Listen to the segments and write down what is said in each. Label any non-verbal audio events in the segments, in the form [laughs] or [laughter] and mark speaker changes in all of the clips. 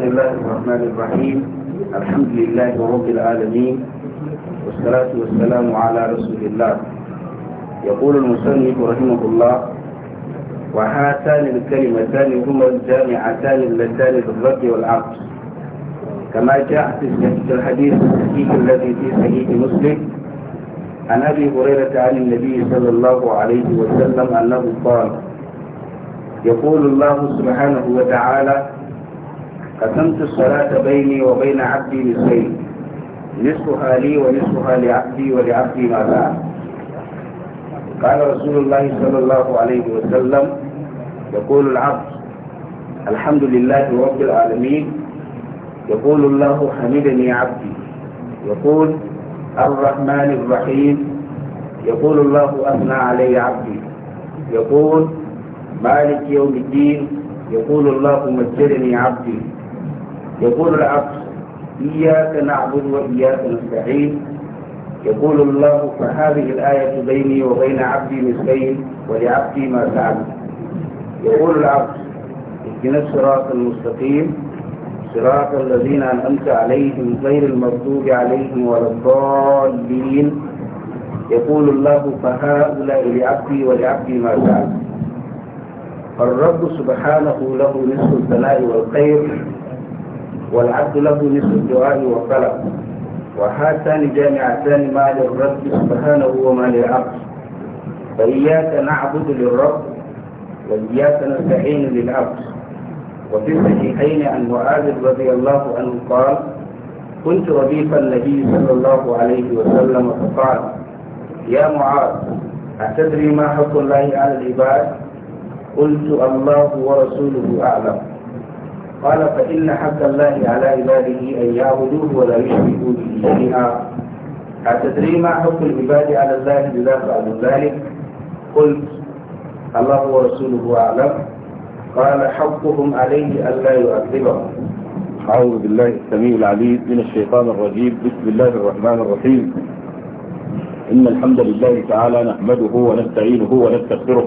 Speaker 1: بسم الله الرحمن الرحيم الحمد لله رب العالمين والصلاة والسلام على رسول الله يقول المصنف رحمه الله وهاتان الكلمتان هما الجامعتان اللتان بالرد والعقل كما جاء في الحديث الصحيح الذي في صحيح مسلم عن ابي هريره عن النبي صلى الله عليه وسلم انه قال يقول الله سبحانه وتعالى قسمت الصلاة بيني وبين عبدي نصفين نصفها لي ونصفها لعبدي ولعبدي ما بعد قال رسول الله صلى الله عليه وسلم يقول العبد الحمد لله رب العالمين يقول الله حمدني عبدي يقول الرحمن الرحيم يقول الله أثنى علي عبدي يقول مالك يوم الدين يقول الله مجدني عبدي يقول العبد إياك نعبد وإياك نستعين يقول الله فهذه الآية بيني وبين عبدي مثلين ولعبدي ما سعد يقول العبد اهدنا الصراط المستقيم صراط الذين أنعمت عليهم غير المغضوب عليهم ولا الضالين يقول الله فهؤلاء لعبدي ولعبدي ما سعد الرب سبحانه له نصف الثناء والخير والعبد له مثل الدعاء والطلب وهاتان جامعتان ما للرب سبحانه وما للعبد فإياك نعبد للرب وإياك نستعين للعبد وفي الصحيحين عن معاذ رضي الله عنه قال كنت رديف النبي صلى الله عليه وسلم فقال يا معاذ أتدري ما حق الله على العباد قلت الله ورسوله أعلم قال فإن حق الله على عباده أن يعبدوه ولا يشركوا به شيئا أتدري ما حق العباد على الله إذا فعلوا ذلك قلت الله ورسوله أعلم قال حقهم عليه ألا يعذبهم أعوذ بالله السميع العليم من الشيطان الرجيم بسم الله الرحمن الرحيم إن الحمد لله تعالى نحمده ونستعينه ونستغفره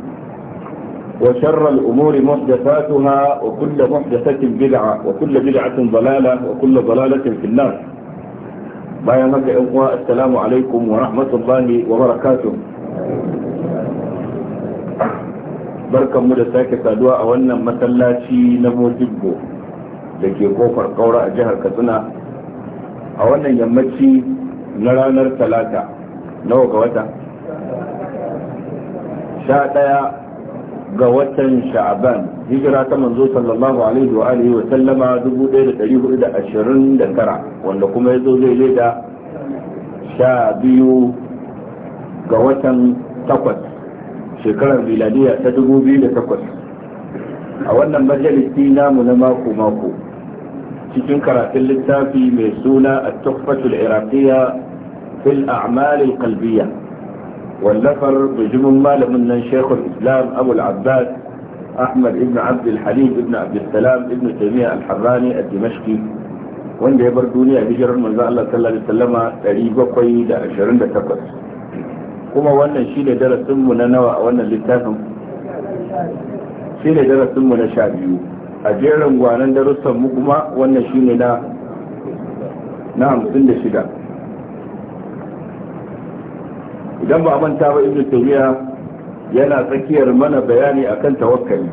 Speaker 1: وشر الأمور محدثاتها وكل محدثة بدعة وكل بدعة ضلالة وكل ضلالة في النار بايمك إخوة السلام عليكم ورحمة الله وبركاته barkan mu da sake saduwa a wannan masallaci na mojibbo da ke kofar kaura a jihar katsina a wannan yammaci na ranar talata nawa ga wata sha ɗaya ga watan sha'aban hijira ta manzo sallallahu alaihi wa alihi wa sallama 1429 wanda kuma yazo zai zai da sha biyu ga watan takwas shekarar miladiya ta 2008 a wannan majalisi namu na mako mako cikin karatun littafi mai suna a tuhfatul iraqiyya fil a'mal al-qalbiyya wallafar bijimin malamin nan shekul islam abul abbas ahmad ibn abdul halim ibn abdul salam ibn taymiya al wanda ya bar duniya hijirar manzo Allah sallallahu alaihi wasallama 728 kuma wannan shine darasin na nawa a wannan littafin shine darasin na 12 a jerin gwanan darussan mu kuma wannan shine na na idan ba manta ba ibnu taymiya yana tsakiyar mana bayani akan tawakkali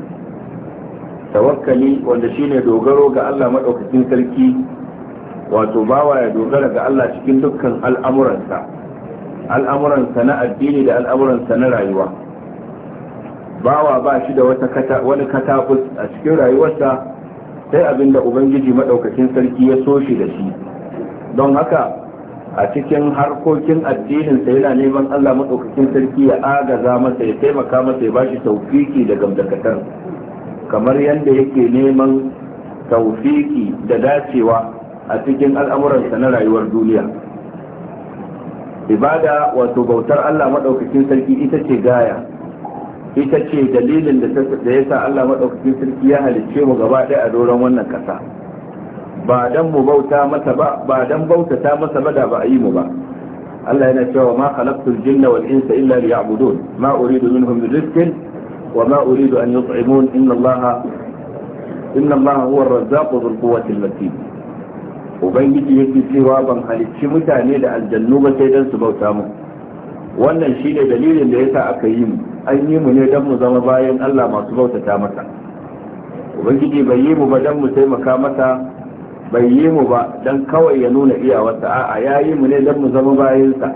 Speaker 1: tawakkali wanda shine dogaro ga Allah madaukakin sarki wato bawa ya dogara ga Allah cikin dukkan al'amuransa al'amuransa na addini da al'amuransa na rayuwa bawa ba shi da wata kata wani katakus a cikin rayuwarsa sai abinda ubangiji madaukakin sarki ya so shi da shi don haka a cikin harkokin addinin sa yana neman Allah maɗaukakin sarki ya agaza masa ya taimaka masa ya bashi taufiki da gamdakatar kamar yadda yake neman taufiki da dacewa a cikin al'amuransa na rayuwar duniya ibada wato bautar Allah maɗaukakin sarki ita ce gaya ita ce dalilin da ya sa Allah maɗaukakin sarki ya halicce mu gaba ɗaya a doron wannan ƙasa ba dan mu bauta masa ba ba dan bautata masa ba da ba a yi mu ba Allah yana cewa ma khalaqtul jinna wal insa illa liya'budun ma uridu minhum wa ma uridu an yut'imun inna Allah inna Allah huwa ar-razzaqu dhul quwwati al-matin ubangiji yake cewa ban halicci mutane da aljannu ba sai dan su bauta mu wannan shine dalilin da yasa aka yi mu an yi mu ne dan mu zama bayan Allah masu bautata masa ubangiji bai yi mu ba dan mu taimaka masa bai yi mu ba don kawai ya nuna iyawarsa a'a ya yi mu ne don mu zama bayansa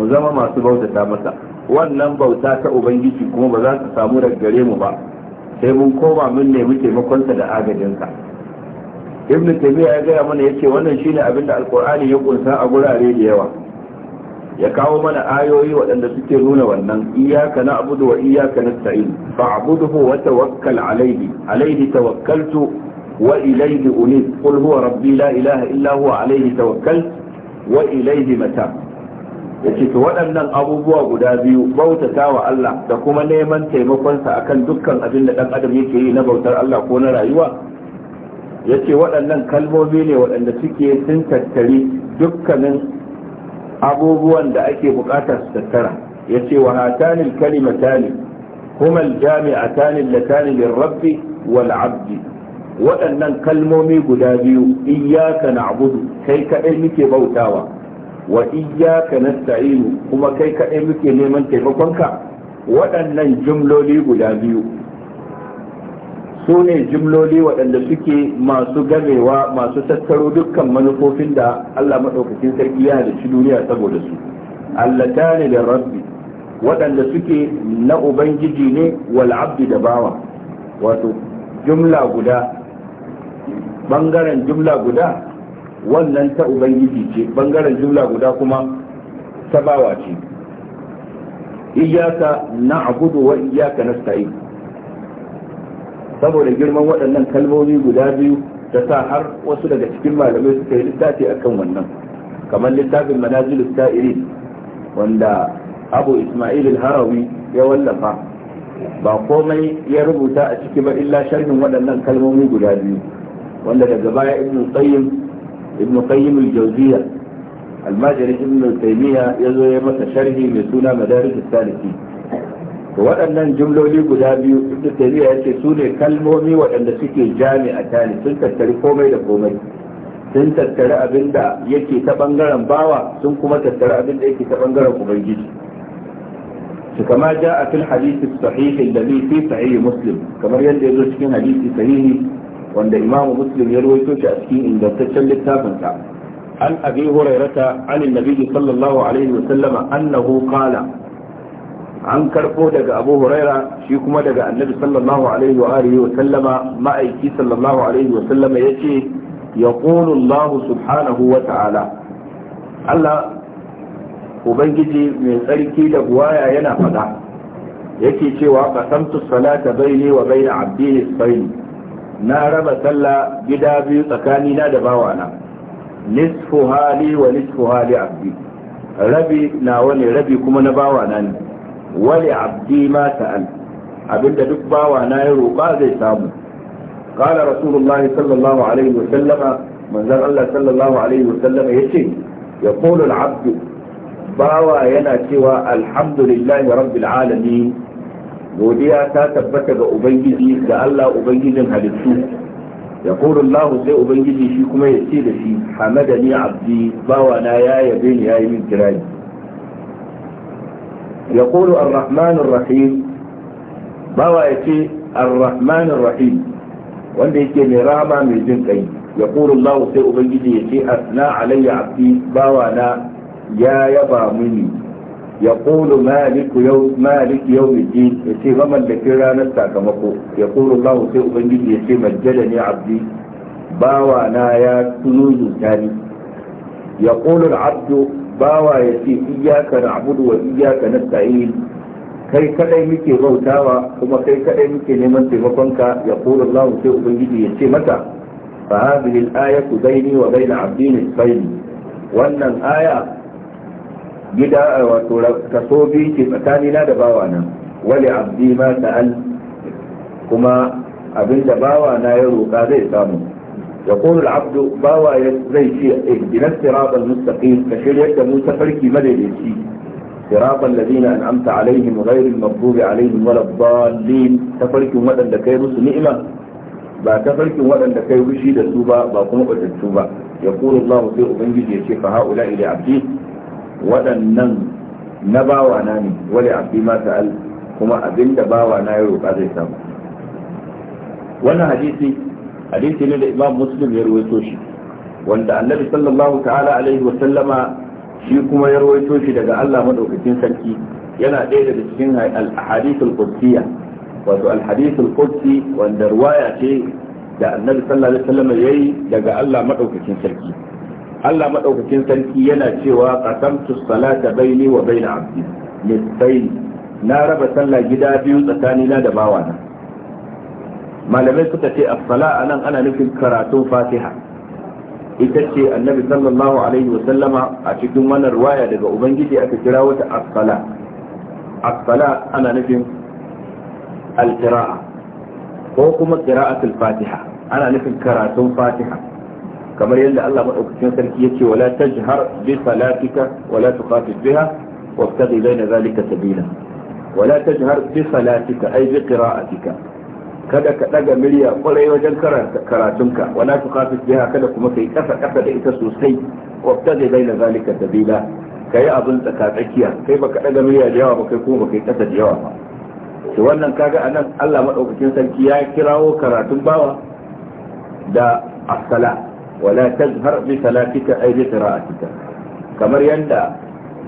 Speaker 1: mu zama masu bautata masa wannan bauta ta ubangiji kuma ba za ta samu daga gare mu ba sai mun koma mun nemi taimakonsa da agajinsa ibn taymiya ya gaya mana yace wannan shine abin da alqur'ani ya kunsa a gurare da yawa ya kawo mana ayoyi waɗanda suke nuna wannan iyyaka na'budu wa iyyaka nasta'in fa'budhu wa tawakkal alayhi alayhi tawakkaltu وإليه أنيب قل هو ربي لا إله إلا هو عليه توكلت وإليه متاب yace to waɗannan abubuwa guda biyu bautata wa Allah da kuma neman taimakonsa akan dukkan abin da ɗan adam yake yi na bautar Allah ko na rayuwa yace waɗannan kalmomi ne waɗanda suke sun tattari dukkanin abubuwan da ake buƙatar su tattara yace wa hatanil kalimatani kuma aljami'atani latani lirabbi wal abdi waɗannan kalmomi guda biyu iyyaka na'budu kai kaɗai muke bautawa wa iyyaka nasta'inu kuma kai kaɗai muke neman taimakonka waɗannan jumloli guda biyu su ne jimloli waɗanda suke masu gamewa masu tattaro dukkan manufofin da Allah maɗaukacin sarki ya shi duniya saboda su allah ta ne da rabbi waɗanda suke na ubangiji ne wal abdi da bawa wato jumla guda bangaren jumla guda wannan ta ubangiji ce bangaren jumla guda kuma ta ce iyaka na abudu wa iyaka na sa'i saboda girman waɗannan kalmomi guda biyu ta sa har wasu daga cikin malamai suka yi littafi akan wannan kamar littafin manazilus sa'irin wanda abu ismail al-harawi ya wallafa ba komai ya rubuta a ciki ba illa sharhin waɗannan kalmomi guda biyu wanda daga baya ibn qayyim ibn qayyim al-jawziya almajiri ibn taymiya yazo ya masa sharhi mai suna madarij salihi to waɗannan jumloli guda biyu ibn taymiya yace su ne kalmomi waɗanda suke jami'a tani sun tattari komai da komai sun tattari abin da yake ta bangaren bawa sun kuma tattari abin da yake ta bangaren ubangiji كما جاء في الحديث الصحيح الذي في صحيح مسلم yadda yazo cikin hadisi sahihi. wanda imam muslim ya rawaito shi a cikin ingantaccen littafin sa an abi hurairata an annabi sallallahu alaihi wasallam annahu qala an karbo daga abu huraira shi kuma daga annabi sallallahu alaihi wa alihi wasallama ma'aiki sallallahu alaihi wasallama yace yaqulu allah subhanahu wa ta'ala Allah ubangiji mai tsarki da buwaya yana fada yake cewa qasamtu salata baini wa baina abdi sayyid na raba sallah gida biyu tsakani na da bawana nisfu hali wa nisfu hali abdi rabi na wani rabi kuma na bawana ne wali abdi ma sa'al abinda duk bawana ya roƙa zai samu qala rasulullahi sallallahu alaihi wa sallama manzon Allah sallallahu alaihi wa sallama yace yaqulu al-abdu bawa yana cewa alhamdulillahi rabbil alamin godiya ta tabbata ga ubangiji ga Allah ubangijin halittu ya Allah sai ubangiji shi kuma ya ce da shi hamadani abdi bawa na ya yabe ni yayi min kirani ya kulu ar-rahman rahim bawa ya ce ar-rahman rahim wanda yake mai rama mai jin kai ya Allah sai ubangiji ya ce asna alayya abdi bawa na ya yaba mini يقول مالك يوم مالك يوم الدين يتي غمل لكرا ne abdi bawa na ya بنجي يتي مجدني عبدي باوى abdu bawa ya ce العبد na abudu wa iyaka na نستعين kai kadai muke bautawa kuma kai kadai muke neman taimakonka ya kula Allah sai ubangiji ya ce mata fa hadhihi al-ayatu bayni wa bayna 'abdi nisfaini wannan aya gida eh, wato taso biyu tsakani na da bawa nan wali abdi ma ta'al kuma abin bawa na ya roka zai samu ya kowar abdu bawa zai ce a ginar sirabar mustaƙi ka shirya da mu ta farki madaidaici sirabar da zina an amta alaihim gairin mabbubi alaihim wala ballin ta farkin waɗanda kai musu ni'ima ba ta farkin kai rushi da su ba ba kuma ɓatattu ba ya kowar allahu sai ubangiji ya ce fa ha'ula ila abdi waɗannan na bawa na ne wani abdi ma sa'al kuma abin da bawa na ya roƙa zai samu wannan hadisi hadisi ne da imam muslim ya rawaito shi wanda annabi sallallahu ta'ala alaihi wa sallama shi kuma ya rawaito shi daga Allah madaukakin sarki yana ɗaya daga cikin al-hadithul wato al-hadithul qudsi wanda ruwaya ce da annabi sallallahu alaihi wa sallama yayi daga Allah madaukakin sarki Allah maɗaukakin sarki yana cewa qasamtu salata baini wa baina abdi nisfain na raba sallah gida biyu tsakanina da bawana malamai suka ce as-sala anan ana nufin karatun fatiha ita ce annabi sallallahu alaihi wasallama a cikin wannan riwaya daga ubangiji aka kira wata as-sala as-sala ana nufin al-qira'a ko kuma qira'atul fatiha ana nufin karatun fatiha kamar yadda Allah madaukakin sarki yake wala tajhar bi salatika wala tuqatil biha wabtaghi bayna zalika sabila wala tajhar bi salatika ay bi qira'atika kada ka daga murya kwarai wajen karatunka wala tuqatil biha kada kuma kai kasa kasa da ita sosai wabtaghi bayna zalika sabila kai abin tsaka tsakiya kai baka daga murya da yawa ba kai kuma kai kasa da yawa ba to wannan kaga anan Allah maɗaukacin sarki ya kirawo karatun bawa da asala ولا تجهر بصلاتك أي بقراءتك كما يندى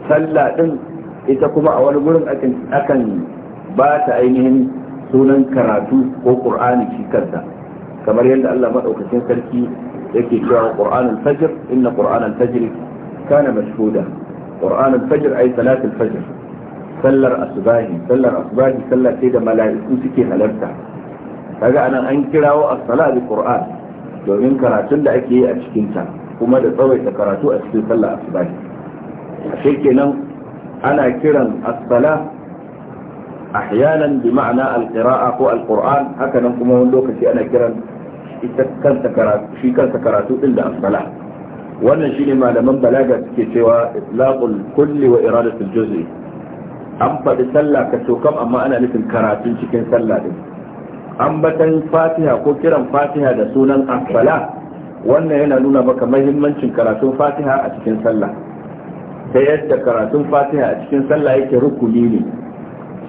Speaker 1: صلى دم ita kuma a wani gurin akan ba ta ainihin sunan karatu ko qur'ani shi kansa kamar yadda Allah madaukakin sarki yake cewa qur'anul fajr inna qur'anul fajr kana mashhuda qur'anul fajr sallar asubahi sallar asubahi sallar sai da mala'iku suke halarta kaga anan an kirawo as-salat bil qur'an domin karatun da ake yi a cikinta kuma da tsawaita karatu a cikin sallah asubahi ake kenan ana kiran as-sala ahyanan bi ma'ana al-qira'a ko al-qur'an haka nan kuma wani lokaci ana kiran ita kanta karatu shi kanta karatu din da as-sala wannan shine malaman balaga suke cewa itlaqul kulli wa iradatul juz'i an faɗi sallah ka kam amma ana nufin karatun cikin sallah din ambatan fatiha ko kiran fatiha da sunan asfala wannan yana nuna maka mahimmancin karatun fatiha a cikin sallah ta yadda karatun fatiha a cikin sallah yake rukuni ne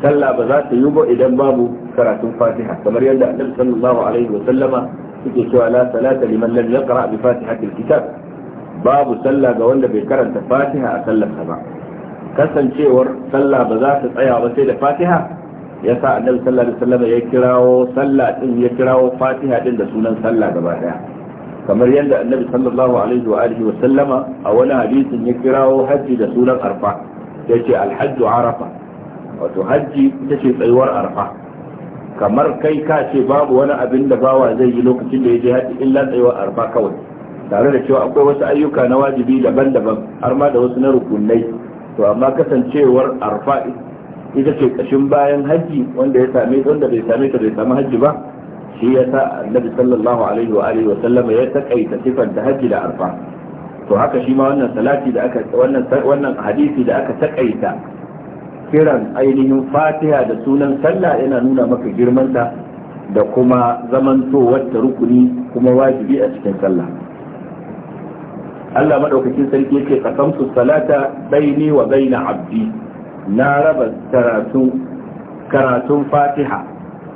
Speaker 1: sallah ba za ta yi ba idan babu karatun fatiha kamar yadda annabi sallallahu alaihi wa sallama yake cewa la salata liman lam yaqra bi fatihatil kitab babu sallah ga wanda bai karanta fatiha a sallarsa ba kasancewar sallah ba za ta tsaya ba sai da fatiha ya sa annabi sallallahu alaihi wasallam ya kirawo sallah din ya kirawo fatiha din da sunan sallah gaba daya kamar yadda annabi sallallahu alaihi wa alihi wasallama a wani hadisin ya kirawo hajji da sunan arfa ya ce alhajju arafa wato hajji ita ce tsayuwar arfa kamar kai ka ce babu wani abin da bawa zai yi lokacin da ya je hajji illa tsayuwar arfa kawai tare da cewa akwai wasu ayyuka na wajibi daban-daban har ma da wasu na rukunai to amma kasancewar arfa ita ce kashin bayan hajji wanda ya same wanda bai same ta bai samu haji ba shi ya sa annabi sallallahu alaihi wa alihi wa sallama ya takaita sifar da haji da arfa to haka shi ma wannan salati da aka wannan wannan hadisi da aka takaita kiran ainihin fatiha da sunan sallah yana nuna maka ta da kuma zamantowar ta rukuni kuma wajibi a cikin sallah Allah madaukakin sarki yake qasamtu salata baini wa baina abdi na raba karatun fatiha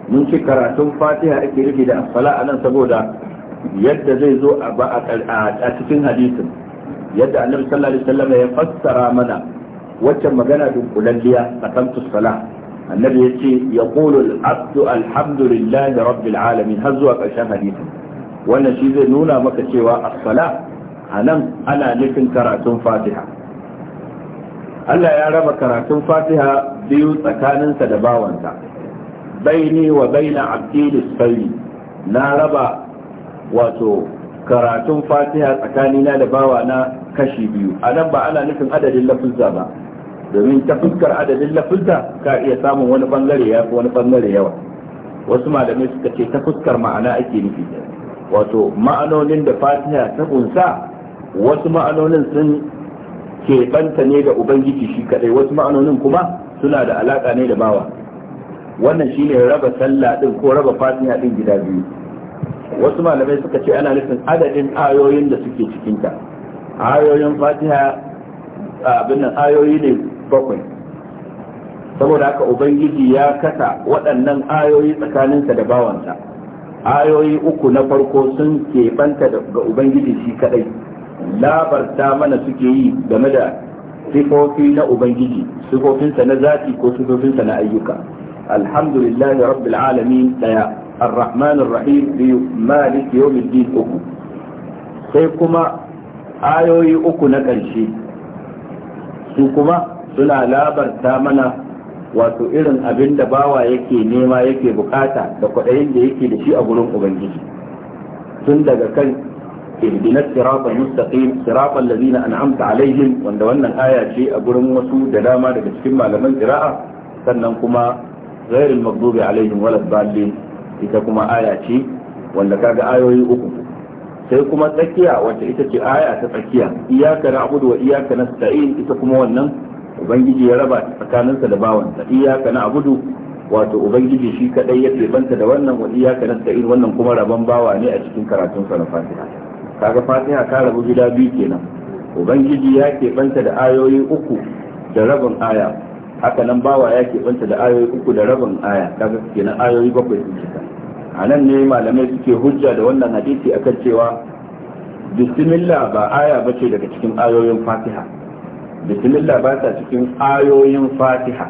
Speaker 1: mun ci karatun fatiha ake rufe da asfala a nan saboda yadda zai zo a cikin hadisin yadda annabi sallallahu alaihi wasallam ya fassara mana waccan magana dunkulalliya a kan tussala annabi ya ce ya kulu al'abdu da rabbil alamin har zuwa ƙarshen hadisin wannan shi zai nuna maka cewa asfala a nan ana nufin karatun fatiha Allah ya raba karatun Fatiha biyu tsakaninsa da bawanta baini wa baina abdi sirri na raba wato karatun Fatiha tsakanina da bawana kashi biyu a nan ba ana nufin adadin lafuzza ba domin ta fuskar adadin lafuzza ka iya samun wani bangare ya wani bangare yawa wasu malamai suka ce ta fuskar ma'ana ake nufi wato ma'anonin da Fatiha ta kunsa wasu ma'anonin sun keɓanta ne ga ubangiji shi kadai wasu ma'anonin kuma suna da alaka ne da bawa wannan shine raba sallah din ko raba fatiha din gida biyu wasu malamai suka ce ana nufin adadin ayoyin da suke cikinta ayoyin fatiha abin nan ayoyi ne bakwai saboda haka ubangiji ya kasa waɗannan ayoyi tsakaninsa da bawansa ayoyi uku na farko sun keɓanta ga ubangiji shi kadai labarta mana suke yi game da sifofi na ubangiji sifofinsa na zati ko sifofinsa na ayyuka alhamdulillahi rabbil alamin daya الرحمن الرحيم biyu مالك يوم الدين uku sai kuma ayoyi uku na ƙarshe su kuma suna labarta mana wato irin abin da bawa yake nema yake bukata da kwaɗayin da yake da shi a gurin ubangiji tun daga kan اهدنا الصراط المستقيم صراط الذين انعمت عليهم wanda wannan aya ce a gurin wasu da dama daga cikin malaman qira'a sannan kuma ghairil maghdubi alaihim waladdallin ita kuma aya ce wanda kaga ayoyi uku sai kuma tsakiya wacce ita ce aya ta tsakiya iyyaka na'budu wa iyyaka nasta'in ita kuma wannan ubangiji ya raba tsakaninsa da bawansa iyyaka na'budu wato ubangiji shi kadai ya banta da wannan wa iyyaka nasta'in wannan kuma rabon bawa ne a cikin karatun sa na fatiha kaga fatiha ta rabu gida biyu kenan ubangiji ya keɓanta da ayoyi uku da rabin aya haka nan bawa ya keɓanta da ayoyi uku da rabin aya kaga kenan ayoyi bakwai sun cika a nan ne malamai suke hujja da wannan hadisi akan cewa bismillah ba aya bace daga cikin ayoyin fatiha bismillah ba ta cikin ayoyin fatiha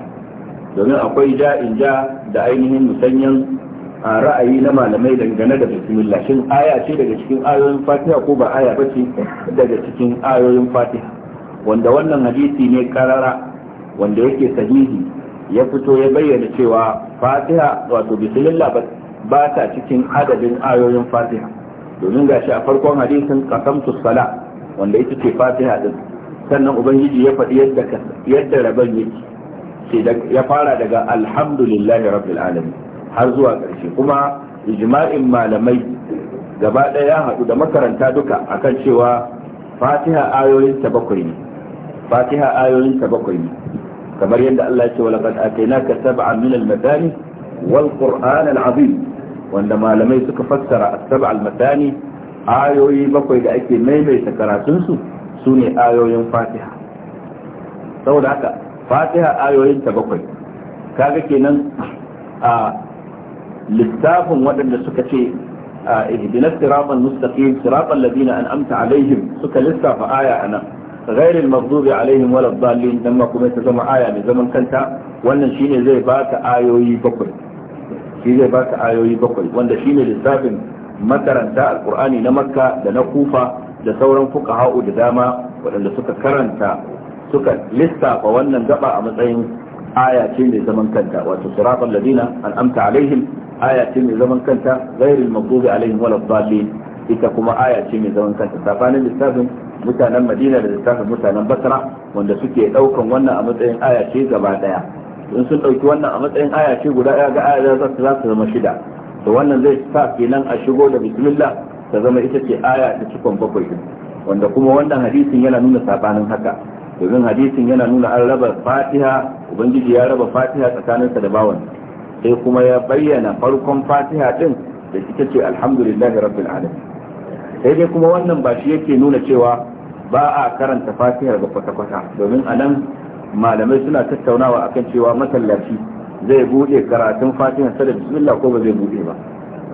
Speaker 1: domin akwai ja in ja da ainihin musanyan a ra'ayi na malamai dangane da bismillah shin aya ce daga cikin ayoyin fatiha ko ba aya ba ce daga cikin ayoyin fatiha wanda wannan hadisi ne karara wanda yake sahihi ya fito ya bayyana cewa fatiha wato bismillah ba ta cikin adadin ayoyin fatiha domin gashi a farkon hadisin qasamtu sala wanda ita ce fatiha din sannan ubangiji ya faɗi yadda yadda rabon yake ya fara daga alhamdulillahi rabbil alamin har zuwa ƙarshe kuma ijma'in malamai gaba ɗaya ya haɗu da makaranta duka akan cewa fatiha ayoyin ta bakwai ne fatiha ayoyin ta bakwai ne kamar yadda Allah ya ce walaqad atainaka sab'an min al-matani wal qur'an al-azim wanda malamai suka fassara as-sab'a al-matani ayoyi bakwai da ake maimaita karatun su sune ayoyin fatiha saboda haka fatiha ayoyin ta bakwai kaga kenan a lissafin waɗanda suka ce a ihdinas siratal mustaqim siratal ladina an'amta alaihim suka lissafa aya anan غير wala عليهم ولا الضالين ta zama aya آية zaman kanta wannan shine zai baka ayoyi bakwai shi zai baka ayoyi bakwai wanda shine lissafin makaranta alqur'ani na makka da na kufa da sauran fuqaha'u da dama waɗanda suka karanta suka lissafa wannan gaba a matsayin aya ce mai zaman kanta wato siratal ladina an'amta alaihim aya ce mai zaman kanta ghairil maghdubi alaihim wala dallin ita kuma aya ce mai zaman kanta tsakanin littafin mutanen Madina da littafin mutanen Basra wanda suke daukan wannan a matsayin aya ce gaba daya in sun dauki wannan a matsayin aya ce guda daya ga aya za su zama shida to wannan zai sa kenan a shigo da bismillah ta zama ita ce aya ta cikon bakwai wanda kuma wannan hadisin yana nuna sabanin haka domin hadisin yana nuna an raba fatiha ubangiji ya raba fatiha tsakaninsa da bawansa. sai kuma ya bayyana farkon fatiha din da ita ce alhamdulillahi rabbil alamin sai dai kuma wannan ba shi yake nuna cewa ba a karanta fatihar ga kwata-kwata domin a nan malamai suna tattaunawa akan cewa masallaci zai bude karatun fatihar sada da bismillah ko ba zai bude ba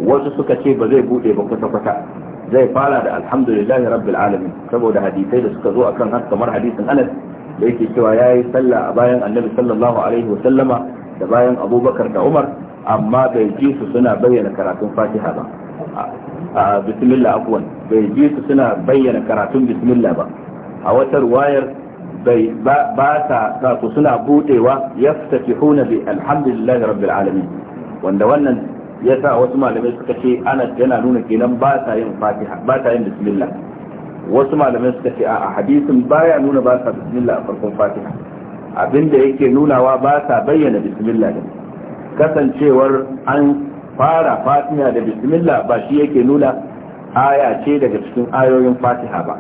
Speaker 1: wasu suka ce ba zai bude ba kwata-kwata zai fara da alhamdulillahi rabbil alamin saboda hadisai da suka zo akan har kamar hadisin anas da yake cewa yayi sallah a bayan annabi sallallahu alaihi wa sallama da bayan abubakar da umar amma bai ji su suna bayyana karatun fatiha ba a bismillah afwan bai ji su suna bayyana karatun bismillah ba a wata ruwayar bai ba ta sa su suna budewa yaftatihuna bi alhamdulillahi rabbil alamin wanda wannan ya sa wasu malamai suka ce ana yana nuna kenan ba ta yin fatiha ba ta yin bismillah wasu malamai suka ce a hadisin baya nuna ba ta bismillah a farkon fatiha abinda yake nunawa ba sa bayyana bismillah din kasancewar an fara fatiha da bismillah ba shi yake nuna aya ce daga cikin ayoyin fatiha ba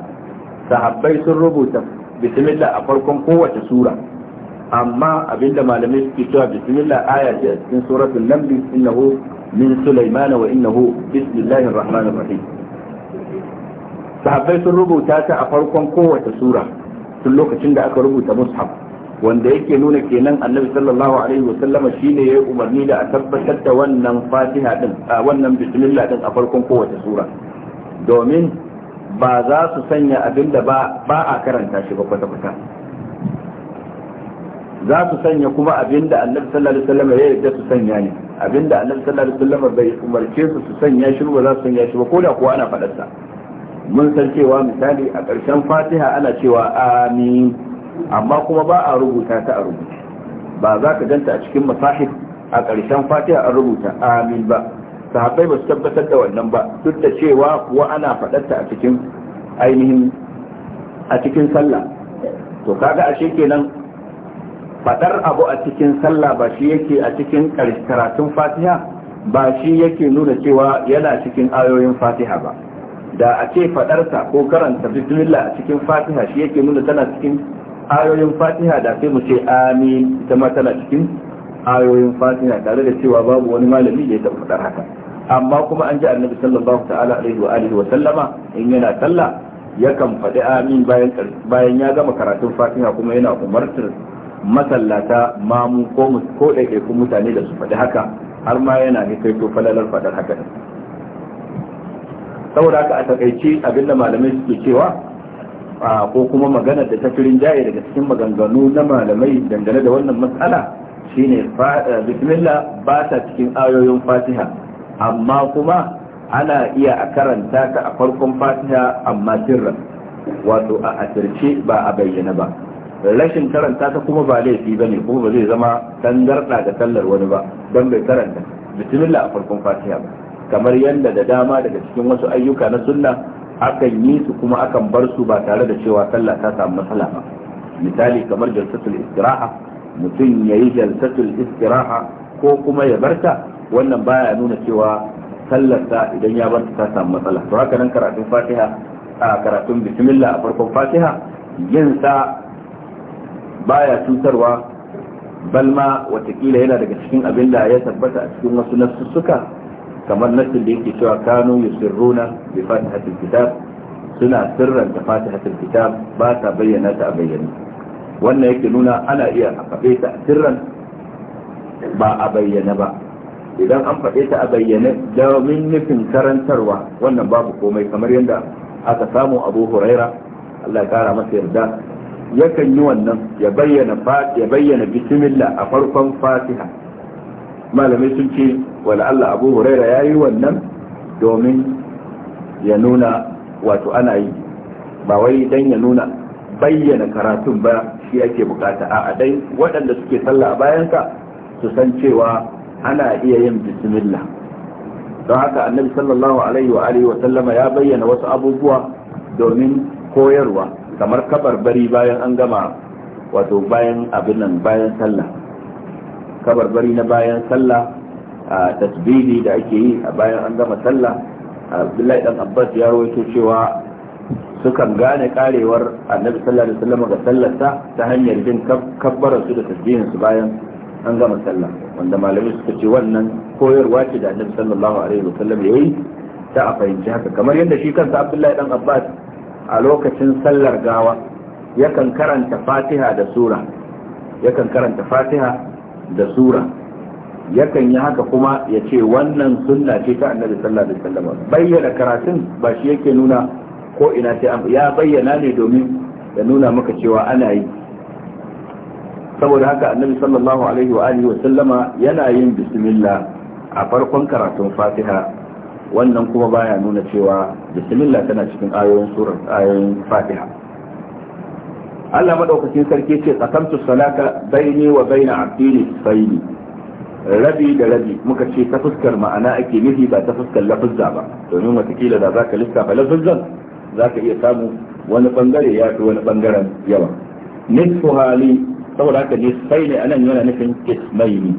Speaker 1: sahabbai sun rubuta bismillah a farkon kowace sura amma abinda malamai suke cewa bismillah aya ce a cikin suratul naml innahu min sulaimana wa innahu bismillahir rahmanir rahim sahabbai sun rubuta ta a farkon kowace sura tun lokacin da aka rubuta mushaf wanda yake nuna kenan annabi sallallahu alaihi wasallama shine ya umarni da a tabbatar da wannan fatiha din a wannan bismillah din a farkon kowace sura domin ba za su sanya abin da ba a karanta shi ba kwata-kwata za su sanya kuma abin da annabi sallallahu alaihi wasallam ya yarda su sanya ne abin da annabi sallallahu alaihi wasallam bai umarce su su sanya shi ba za su sanya shi ba ko da kuwa ana faɗarsa mun san cewa misali a ƙarshen fatiha ana cewa amin amma kuma ba a rubuta ta a rubuta ba za ka ganta a cikin masahif a ƙarshen fatiha an rubuta amin ba sahabbai ba su tabbatar da wannan ba duk da cewa kuwa ana faɗarta a cikin ainihin a cikin sallah to kaga ashe kenan faɗar abu a cikin sallah ba shi yake a cikin karatun fatiha ba shi yake nuna cewa yana cikin ayoyin fatiha ba da a ce faɗarsa ko karanta bismillah a cikin fatiha shi yake nuna tana cikin ayoyin fatiha da sai mu ce amin ita ma tana cikin ayoyin fatiha tare da cewa babu wani malami da ya taɓa faɗar haka amma kuma an ji annabi sallallahu ta'ala alaihi wa alihi wa sallama in yana sallah yakan faɗi amin bayan bayan ya gama karatun fatiha kuma yana umartar masallata mamu ko ko ɗaiɗaikun mutane da su faɗi haka har ma yana ne kai to falalar faɗar haka saboda haka a takaice abinda malamai suke cewa ko kuma maganar da ta firin jaye daga cikin maganganu na malamai dangane da wannan matsala shine eh, bismillah ba ta cikin ayoyin fatiha amma kuma ana iya a karanta ta a farkon fatiha amma sirran wato a asirce ba a bayyana ba rashin karanta ta kuma ba laifi ba ne kuma ba zai zama tangarɗa ga tallar wani ba don bai karanta bismillah a farkon fatiha ba kamar yadda da dama daga cikin wasu ayyuka na sunna akan yi su kuma akan bar su ba tare da cewa sallah ta samu matsala ba misali kamar jalsatul istiraha mutum ya yi jalsatul istiraha ko kuma ya barta wannan baya nuna cewa sallarsa idan ya barta ta samu matsala to haka nan karatun fatiha a karatun bismillah a farkon fatiha yin sa baya cutarwa balma watakila yana daga cikin abin da ya tabbata a cikin wasu nasussuka kamar nassin da yake cewa kanu yusirruna bi fatihatil kitab suna sirran da fatihatul kitab ba ta bayyana ta a bayyane wannan yake nuna ana iya a faɗe ta a sirran ba a bayyane ba idan an faɗe ta a bayyane domin nufin karantarwa wannan babu komai kamar yadda aka samu abu huraira allah ya kara masa yarda yakan yi wannan ya bayyana ya bayyana bismillah a farkon fatiha malamai sun ce wala Allah Abu Huraira yi wannan domin ya nuna wato ana yi ba wai dan ya nuna bayyana karatun ba shi ake bukata a dai waɗanda suke sallah a bayansa su san cewa ana iya yin bismillah don haka annabi sallallahu alaihi wa alihi wa sallama ya bayyana wasu abubuwa domin koyarwa kamar kabar bari bayan an gama wato bayan abin nan bayan sallah kabarbari na bayan sallah tasbihi da ake yi a bayan an gama sallah abdullahi dan abbas ya rawaito cewa sukan gane karewar annabi sallallahu alaihi wasallam ga sallarsa ta hanyar jin kabbarar su da tasbihin su bayan an gama sallah wanda malami suka ce wannan koyarwa ce da annabi sallallahu alaihi wasallam yi ta a fahimci haka kamar yadda shi kansa abdullahi dan abbas a lokacin sallar gawa yakan karanta fatiha da sura yakan karanta fatiha da sura yakan yi haka kuma ya ce wannan sunna ce ta annabi sallallahu alaihi wasallam bayyana karatun ba shi yake nuna ko ina sai ya bayyana ne domin ya nuna maka cewa ana yi saboda haka annabi sallallahu alaihi wa alihi wa sallama yana yin bismillah a farkon karatun fatiha wannan kuma baya nuna cewa bismillah tana cikin ayoyin surar ayoyin fatiha Allah madaukakin sarki ce tsakamtu salata baini wa baina abdi baini rabi da rabi muka ce ta fuskar ma'ana ake nufi ba ta fuskar lafuzza ba domin watakila da zaka lissafa lafuzzan zaka iya samu wani bangare ya fi wani bangaren yawa nisfu hali saboda haka ne sai ne anan yana nufin kismaini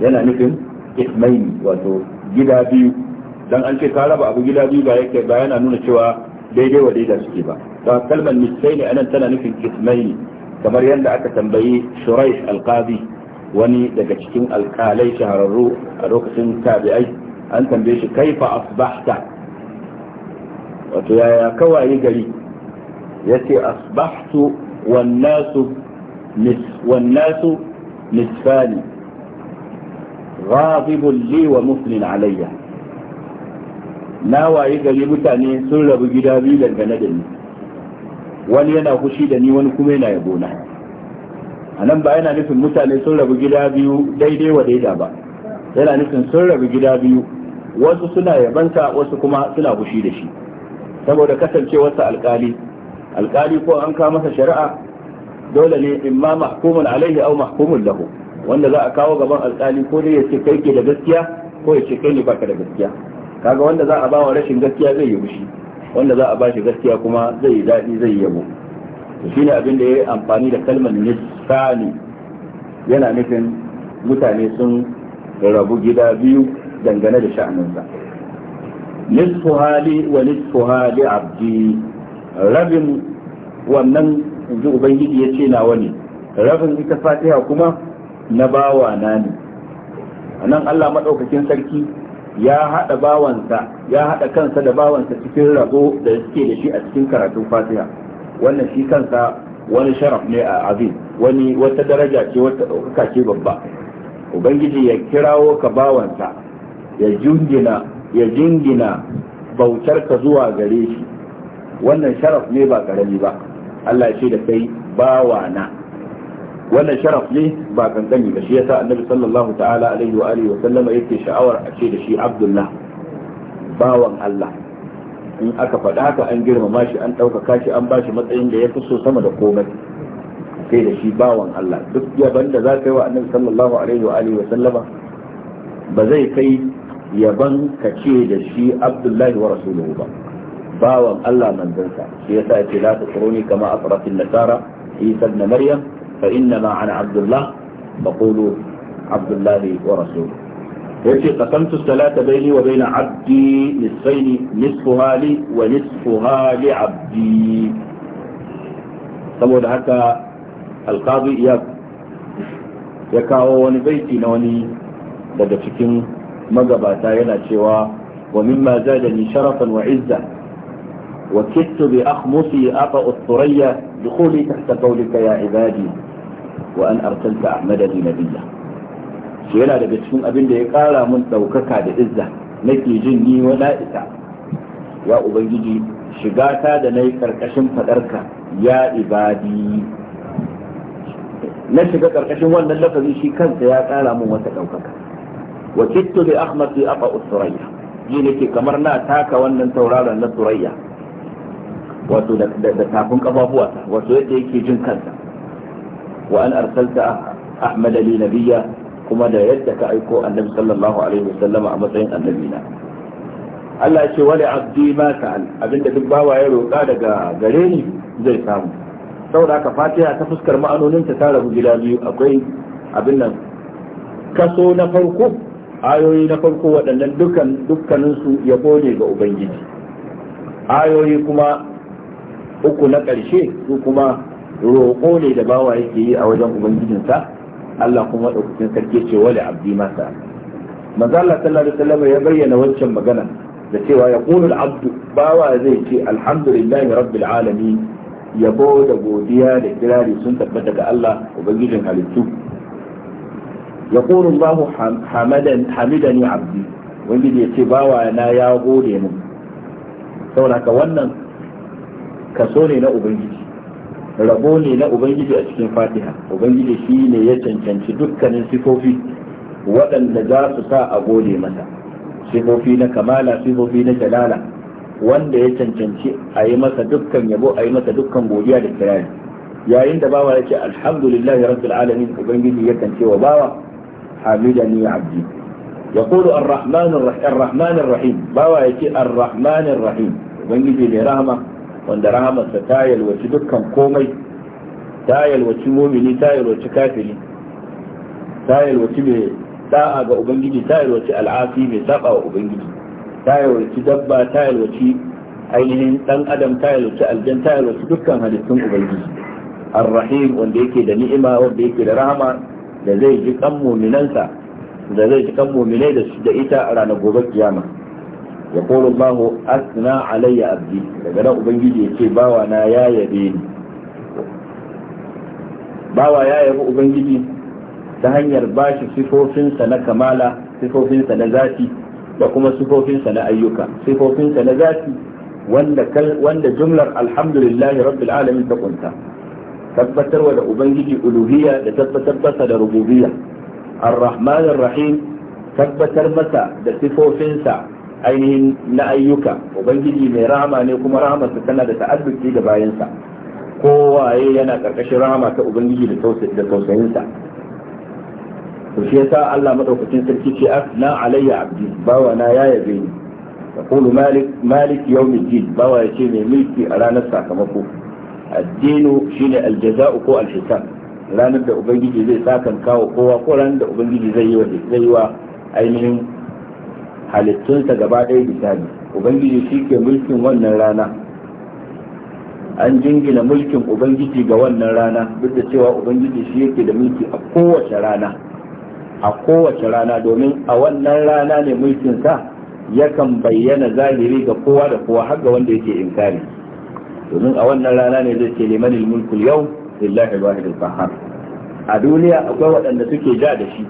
Speaker 1: yana nufin kismaini wato gida biyu dan an ce ka raba abu gida biyu ba yake ba yana nuna cewa daidai wa daidai suke ba فكلمة المثلين أنا أنتنا نفي الكثمين كمريان لأكا تنبيه شريح القاضي وني دكتشتين القالي شهر الروح الروكسين تابعي أنت تنبيه كيف أصبحت وتيا يا كوى يقلي يتي أصبحت والناس والناس نصفان غاضب لي ومثلن عليا ناوى يقلي متاني سلب جدابي لنك wani yana fushi da ni wani kuma yana yabo na a nan ba yana nufin mutane sun rabu gida biyu daidai wa daida ba yana nufin sun rabu gida biyu wasu suna yabansa wasu kuma suna fushi da shi saboda kasancewarsa alkali alkali ko an kawo masa shari'a dole ne imma mahkumun alaihi au mahkumun lahu wanda za a kawo gaban alkali ko dai ya ce kai ke da gaskiya ko ya ce kai ne baka da gaskiya kaga wanda za a ba wa rashin gaskiya zai yi fushi wanda za a ba shi gaskiya kuma zai yi daɗi zai yabo to shine abin da ya yi amfani da kalmar nisani yana nufin mutane sun rabu gida biyu dangane da sha'aninsa nisfu hali wa nisfu hali abdi rabin wannan inji ubangiji ya ce nawa ne rabin ita fatiha kuma na bawa na ne a nan allah maɗaukakin sarki ya haɗa bawansa ya haɗa kansa da bawansa cikin rago da suke da shi a cikin karatun fatiha wannan shi kansa wani sharaf ne a azim wani wata daraja ce wata ɗaukaka ce babba ubangiji ya kirawo ka bawansa ya jingina ya jingina bautar ka zuwa gare shi wannan sharaf ne ba karami ba Allah ya ce da kai bawana wannan sharaf ne ba kankani ba shi yasa annabi sallallahu ta'ala alaihi wa alihi wa sallama yake sha'awar a ce da shi abdullah bawan Allah in aka faɗa haka an girmama shi an ɗaukaka shi an ba shi matsayin da ya fi so sama da komai sai da shi bawan Allah duk yaban da za ka yi wa annabi sallallahu alaihi wa alihi wa sallama ba zai kai yaban ka ce da shi abdullahi wa rasuluhu ba bawan Allah manzansa shi yasa ya ce la tuqruni kama a asratil nasara isa ibn maryam فإنما عن عبد الله فقولوا عبد الله ورسوله وفي قسمت الصلاة بيني وبين عبدي نصفين نصفها لي ونصفها لعبدي ثم ودهك القاضي إياك يكا وني بيتي نوني لدفكين فكين مقبا تاينا شوا ومما زادني شرفا وعزة وكدت بأخمصي أفأ الثريا دخولي تحت قولك يا عبادي wa an arsalta ahmada li nabiyya shi yana daga cikin abin da ya kara mun daukaka da izza nake jin ni wala ita ya ubangiji shiga ta da nayi karkashin fadarka ya ibadi na shiga karkashin wannan lafazi shi kansa ya kara mun wata daukaka wa kittu bi ahmad fi aqa usrayya ji nake kamar na taka wannan tauraron na surayya wato da tafin kafafuwa wato yadda yake jin kansa wa an arsalta ahmad li nabiyya kuma da yadda ka aiko annabi sallallahu alaihi a matsayin annabina Allah ya ce wali abdi ma ta'al abinda duk bawa ya roka daga gare ni zai samu saboda haka Fatiya ta fuskar ma'anonin ta tara gida biyu akwai abin nan kaso na farko ayoyi na farko waɗannan dukkan dukkaninsu ya ne ga ubangiji ayoyi kuma uku na ƙarshe su kuma roƙo ne da bawa yake yi a wajen ubangijinsa Allah kuma ɗaukacin sarki ce wale abdi masa manzo Allah sallallahu alaihi ya bayyana wancan magana da cewa ya qulu abdu bawa zai ce alhamdulillahi rabbil alamin yabo da godiya da kirari sun tabbata ga Allah ubangijin halittu ya qulu Allahu hamadan hamidani abdi wanda ya ce bawa na ya gode mu saboda ka wannan kaso ne na ubangiji rabo ne na ubangiji a cikin fatiha ubangiji shi ne ya cancanci dukkanin sifofi waɗanda za su sa a gode masa sifofi na kamala sifofi na jalala wanda ya cancanci a yi masa dukkan yabo a yi masa dukkan godiya da kirari yayin da bawa ya ce alhamdulillahi rabbil alamin ubangiji yakan ce wa bawa hamidani abdi yaqulu ar-rahmanir rahim bawa ya ce ar-rahmanir rahim ubangiji ne rahama wanda rahamarsa ta yalwaci dukkan komai ta yalwaci momini, ta yalwaci kafiri ta yalwaci mai da'a ga ubangiji ta yalwaci al'afi mai saba wa ubangiji ta yalwaci dabba ta yalwaci ainihin dan adam ta yalwaci aljan ta yalwaci dukkan halittun ubangiji arrahim wanda yake da ni'ima wanda yake da rahama da zai ji kan muminansa da zai ji kan su da ita a ranar gobe kiyama ya kolo bahu asna alayya abdi daga nan ubangiji ya ce bawa na ya yabe ni bawa ya yabi ubangiji ta hanyar bashi sifofinsa na kamala sifofinsa na zafi da kuma sifofinsa na ayyuka sifofinsa na zafi wanda wanda jumlar alhamdulillahi rabbil alamin ta kunta tabbatarwa da ubangiji uluhiyya da tabbatar da rububiyya ar-rahman ar-rahim tabbatar masa da sifofinsa ainihin na ayyuka ubangiji mai rahama ne kuma rahamarsa tana da ta'adduki ga bayansa kowaye yana karkashin rahama ta ubangiji da tausayinsa to shi yasa Allah madaukakin sarki ce na alayya abdi bawa na ya yabe ni yaqulu malik malik ba bawa yace mai mulki a ranar sakamako addinu shine aljaza'u ko alhisab ranar da ubangiji zai sakan kawo kowa ko ranar da ubangiji zai yi wa ainihin halittunsa gaba ɗaya ne ubangiji shi ke mulkin wannan rana an jingina mulkin ubangiji ga wannan rana duk da cewa ubangiji shi yake da mulki a kowace rana a kowace rana domin a wannan rana ne mulkinsa yakan bayyana zahiri ga kowa da kowa har ga wanda yake inkari domin a wannan rana ne zai ce liman mulkul yau lillahi wahidul qahhar a duniya akwai waɗanda suke ja da shi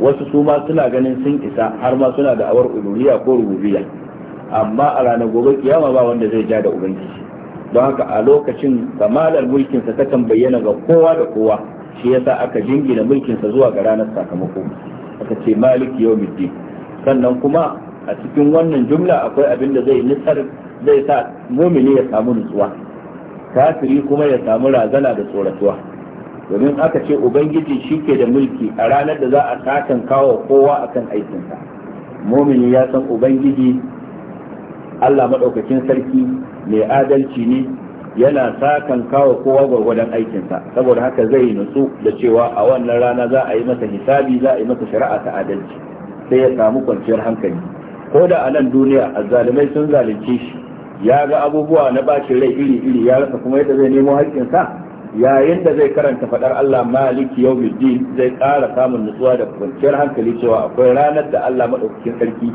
Speaker 1: wasu su ma suna ganin sun isa har ma suna da awar uluhiyya ko rububiya, amma a ranar gobe kiyama ba wanda zai ja da ubangiji don haka a lokacin kamalar mulkin sa takan bayyana ga kowa da kowa shi yasa aka jingina mulkin sa zuwa ga ranar sakamako aka ce malik yawmiddin sannan kuma a cikin wannan jumla akwai abin da zai nitsar zai sa mumini ya samu nutsuwa kafiri kuma ya samu razana da tsoratuwa domin aka ce ubangiji shi ke da mulki a ranar da za a katan kawo kowa akan aikinsa momini ya san ubangiji allah maɗaukakin sarki mai adalci ne yana sakan kawo kowa gwargwadon aikinsa saboda haka zai yi nutsu da cewa a wannan rana za a yi masa hisabi za a yi masa shari'a ta adalci sai ya samu kwanciyar hankali ko da a nan duniya azzalumai sun zalunce shi ya ga abubuwa na bacin rai iri iri ya rasa kuma yadda zai nemo haƙƙinsa yayin da zai karanta fadar Allah maliki yau zai ƙara samun nutsuwa da kwanciyar hankali cewa akwai ranar da Allah madaukakin sarki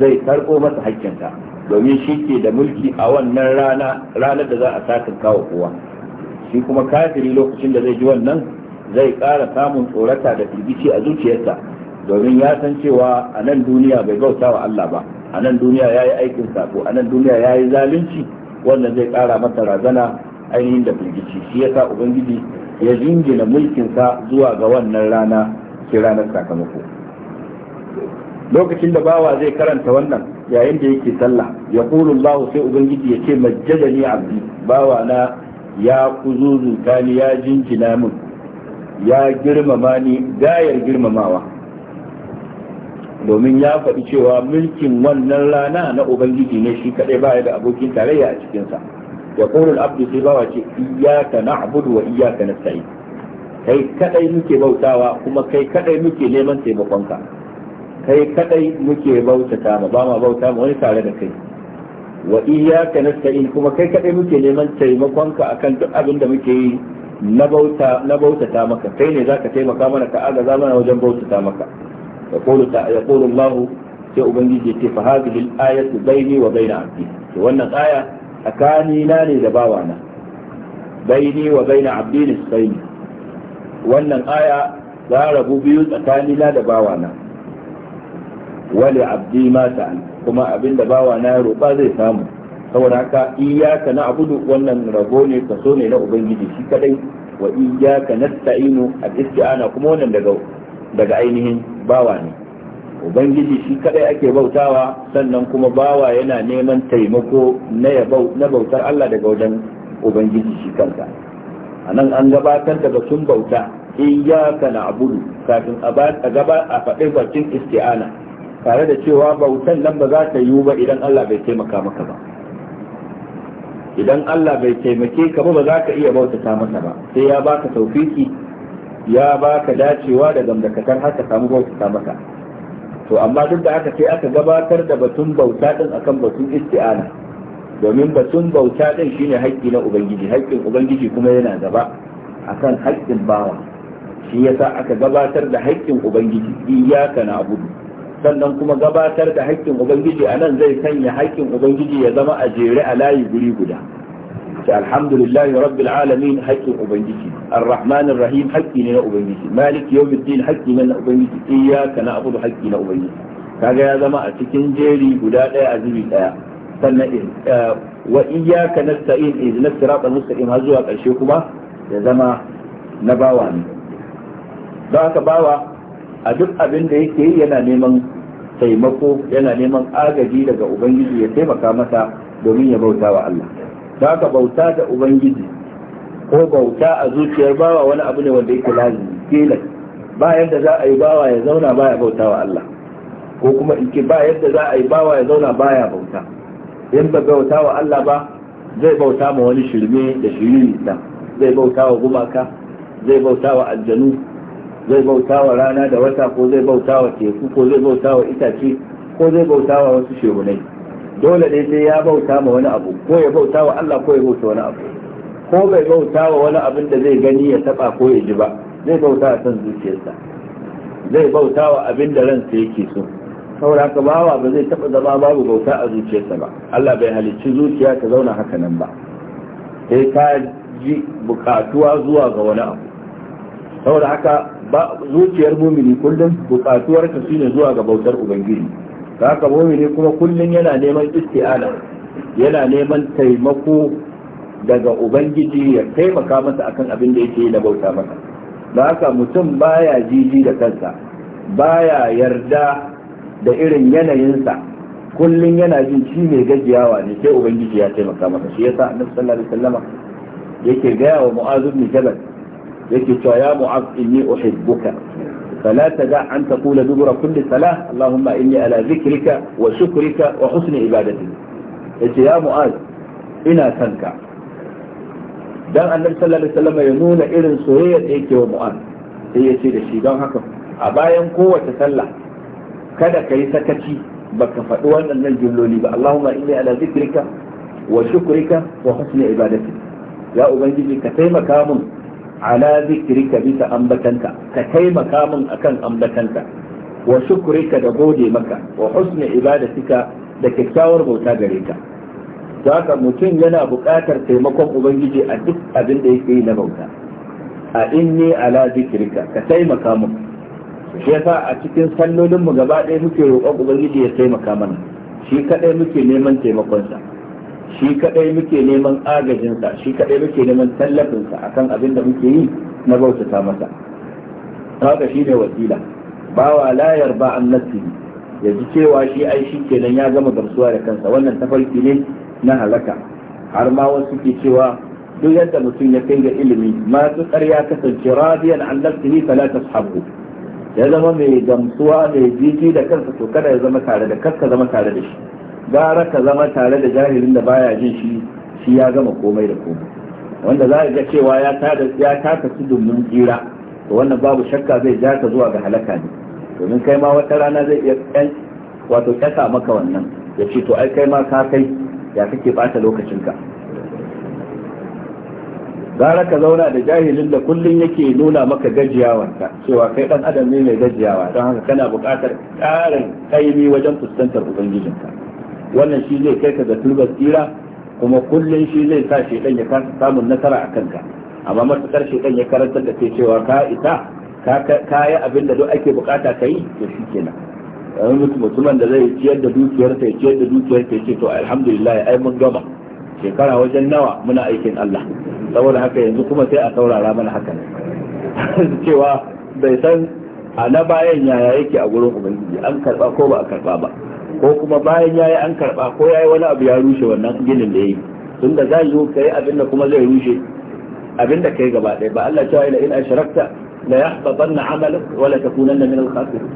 Speaker 1: zai karɓo masa hakkinta domin shi ke da mulki a wannan rana ranar da za a satin kawo kowa shi kuma kafiri lokacin da zai ji wannan zai ƙara samun tsorata da firgici a zuciyarsa domin ya san cewa a nan duniya bai bauta wa Allah ba a nan duniya ya yi aikin sako a nan duniya ya yi zalunci wannan zai ƙara masa razana ainihin da firgici shi yasa ubangiji ya jingina mulkinsa zuwa ga wannan rana ke ranar sakamako lokacin da bawa zai karanta wannan yayin da yake sallah ya Allah sai ubangiji ya ce ni, abdi bawa na ya kuzuzuta ni ya jinjina min ya girmama ni gayar girmamawa domin ya faɗi cewa mulkin wannan rana na ubangiji ne shi kaɗai baya da abokin tarayya a cikinsa يقول العبد في بواتي إياك نعبد وإياك نستعين kai kadai muke bautawa kuma kai kadai muke neman taimakonka kai kadai muke bautata ma ba ma bauta ma wani tare da kai wa iyyaka nasta'in kuma kai kadai muke neman taimakonka akan duk abin da muke yi na bauta na bautata maka kai ne zaka taimaka mana ka agaza mana wajen bautata maka yaqulu ta yaqulu Allah sai ubangiji ya ce fa hadhihi al-ayatu bayni wa bayna abdi to wannan aya tsakanina ne da bawana baini wa baina abdi tsaini wannan aya za rabu biyu tsakanina da bawana wale abdi mata ta'al kuma abinda bawana ya roƙa zai samu saboda haka na abudu wannan rabo ne kaso ne na ubangiji shi kadai wa na nasta'inu al-isti'ana kuma wannan daga daga ainihin bawa ne ubangiji shi kadai ake bautawa sannan kuma bawa yana neman taimako na bautar Allah daga wajen ubangiji shi kanka a nan an gabatar da sun bauta in ya iyyaka abudu kafin a gaba a faɗi bakin isti'ana tare da cewa bautan nan ba za ta yiwu ba idan Allah bai taimaka maka ba idan Allah bai taimake ka ba za ka iya bautata masa ba sai ya baka taufiki ya baka dacewa da gamdakatar har ka samu bautata maka to amma duk da aka ce aka gabatar da batun bauta din akan batun isti'ana domin batun bauta din shine haƙƙi na ubangiji haƙƙin ubangiji kuma yana gaba akan haƙƙin bawa shi yasa aka gabatar da haƙƙin ubangiji iyyaka na'budu sannan kuma gabatar da haƙƙin ubangiji anan zai sanya haƙƙin ubangiji ya zama a jere a layi guri guda ce alhamdulillahi rabbil alamin haƙƙin ubangiji arrahmanir rahim haƙƙi ne na ubangiji malik yawmiddin haƙƙi ne na ubangiji iyyaka na'budu haƙƙi na ubangiji kaga ya zama a cikin jeri guda ɗaya a zubi ɗaya sannan eh, wa iyyaka nasta'in ihdinas siratal mustaqim har zuwa ƙarshe kuma ya zama na bawa ne don haka bawa a duk abin da yake yi yana neman taimako yana neman agaji daga ubangiji ya taimaka masa domin ya bauta wa Allah da ka bauta da ubangiji ko bauta a zuciyar bawa wani abu ne wanda yake lazimi da ba yadda za a yi bawa ya zauna baya bauta wa Allah ko kuma ke ba yadda za a yi bawa ya zauna baya bauta in ba bauta wa Allah ba zai bauta ma wani shirme da shiririta zai bauta wa gumaka zai bauta wa aljanu zai bauta wa rana da wata ko zai bauta wa teku ko zai bauta wa itace ko zai bauta wa wasu shehunai dole ne sai ya bauta ma wani abu ko ya bauta wa Allah ko ya bauta wani abu ko bai bauta wa wani abin da zai gani ya taba ko ya ji ba zai bauta a san zuciyarsa zai bauta wa abin da ransa yake so saboda haka bawa ba zai taba zama babu bauta a zuciyarsa ba Allah bai halicci zuciya ta zauna haka nan ba sai ka ji bukatuwa zuwa ga wani abu saboda haka zuciyar mumini kullum bukatuwarka shine zuwa ga bautar ubangiji da haka mumini kuma kullum yana neman isti'ana yana neman taimako daga ubangiji ya taimaka masa akan abin da yake na bauta masa da haka mutum baya jiji da kansa baya yarda da irin yanayinsa kullum yana jin shi mai gajiyawa ne sai ubangiji ya taimaka masa shi yasa annabi sallallahu alaihi wasallama yake gaya wa mu'azu bin jabal yake cewa ya mu'az inni uhibbuka فلا تدع أن تقول دبر كل صلاة اللهم إني على ذكرك وشكرك وحسن عبادتك إيه يا معاذ إنا تنكع dan annabi sallallahu alaihi wasallam ya nuna irin soyayya da yake wa mu'an sai ya ce da shi don haka a bayan kowace sallah kada ka yi sakaci baka faɗi wannan nan jumloli ba Allahumma inni ala wa wa husni ya ubangiji ka taimaka mun ala zikrika bisa ambatanka ka taimaka min akan ambatanka wa shukrika da gode maka wa husni ibadatika da kyakkyawar bauta gare ka haka mutum yana buƙatar taimakon ubangiji a duk abin da yake yi na bauta a inni ala zikrika ka taimaka min shi yasa a cikin sallolin mu gaba ɗaya muke roƙon ubangiji ya taimaka mana shi kaɗai muke neman taimakonsa shi kadai muke neman agajinsa shi kadai muke neman tallafinsa akan abin da muke yi na bautata masa haka shi ne wasila bawa la yarba an nafsihi ya ji cewa shi ai shi kenan ya gama gamsuwa da kansa wannan tafarki ne na halaka har ma wasu ke cewa duk yadda mutum ya kai ga ilimi masu ƙarya kasance radiyan an nafsihi fala tashabu ya zama mai gamsuwa mai jiji da kansa to kada ya zama tare da kanka zama tare da shi gara ka zama tare da jahilin da baya jin shi shi ya gama komai da komai wanda za a ga cewa ya tada ya taka tudun tsira to wannan babu shakka zai ja ka zuwa ga halaka ne domin kai ma wata rana zai iya kan wato kasa maka wannan ya ce to ai kai ma ka kai ya kake bata lokacinka gara ka zauna da jahilin da kullum yake nuna maka gajiyawanka cewa kai dan adam ne mai gajiyawa don haka kana buƙatar ƙarin kaimi wajen fuskantar ubangijinka wannan shi zai kai ka ga turbar tsira kuma kullum shi zai sa shekan ya kasa samun nasara a kanka amma matukar shekan ya karantar da kai cewa ka isa ka yi abin da duk ake bukata ka yi to shi kenan yanzu mutumin da zai ciyar da dukiyar ta ciyar da dukiyar ta ce to alhamdulillah ai mun gama shekara wajen nawa muna aikin Allah saboda haka yanzu kuma sai a saurara mana haka [laughs] cewa bai san a na bayan yaya yake a gurin ubangiji an karba ko ba a karba ba ko kuma bayan ya yi an karɓa ko ya yi wani abu ya rushe wannan ginin da ya yi tun da za zo ka yi abin da kuma zai rushe abin da ka yi gaba ɗaya ba Allah cewa ila in ashrakta la yahbatanna amalak wa la takunanna min al-khasirin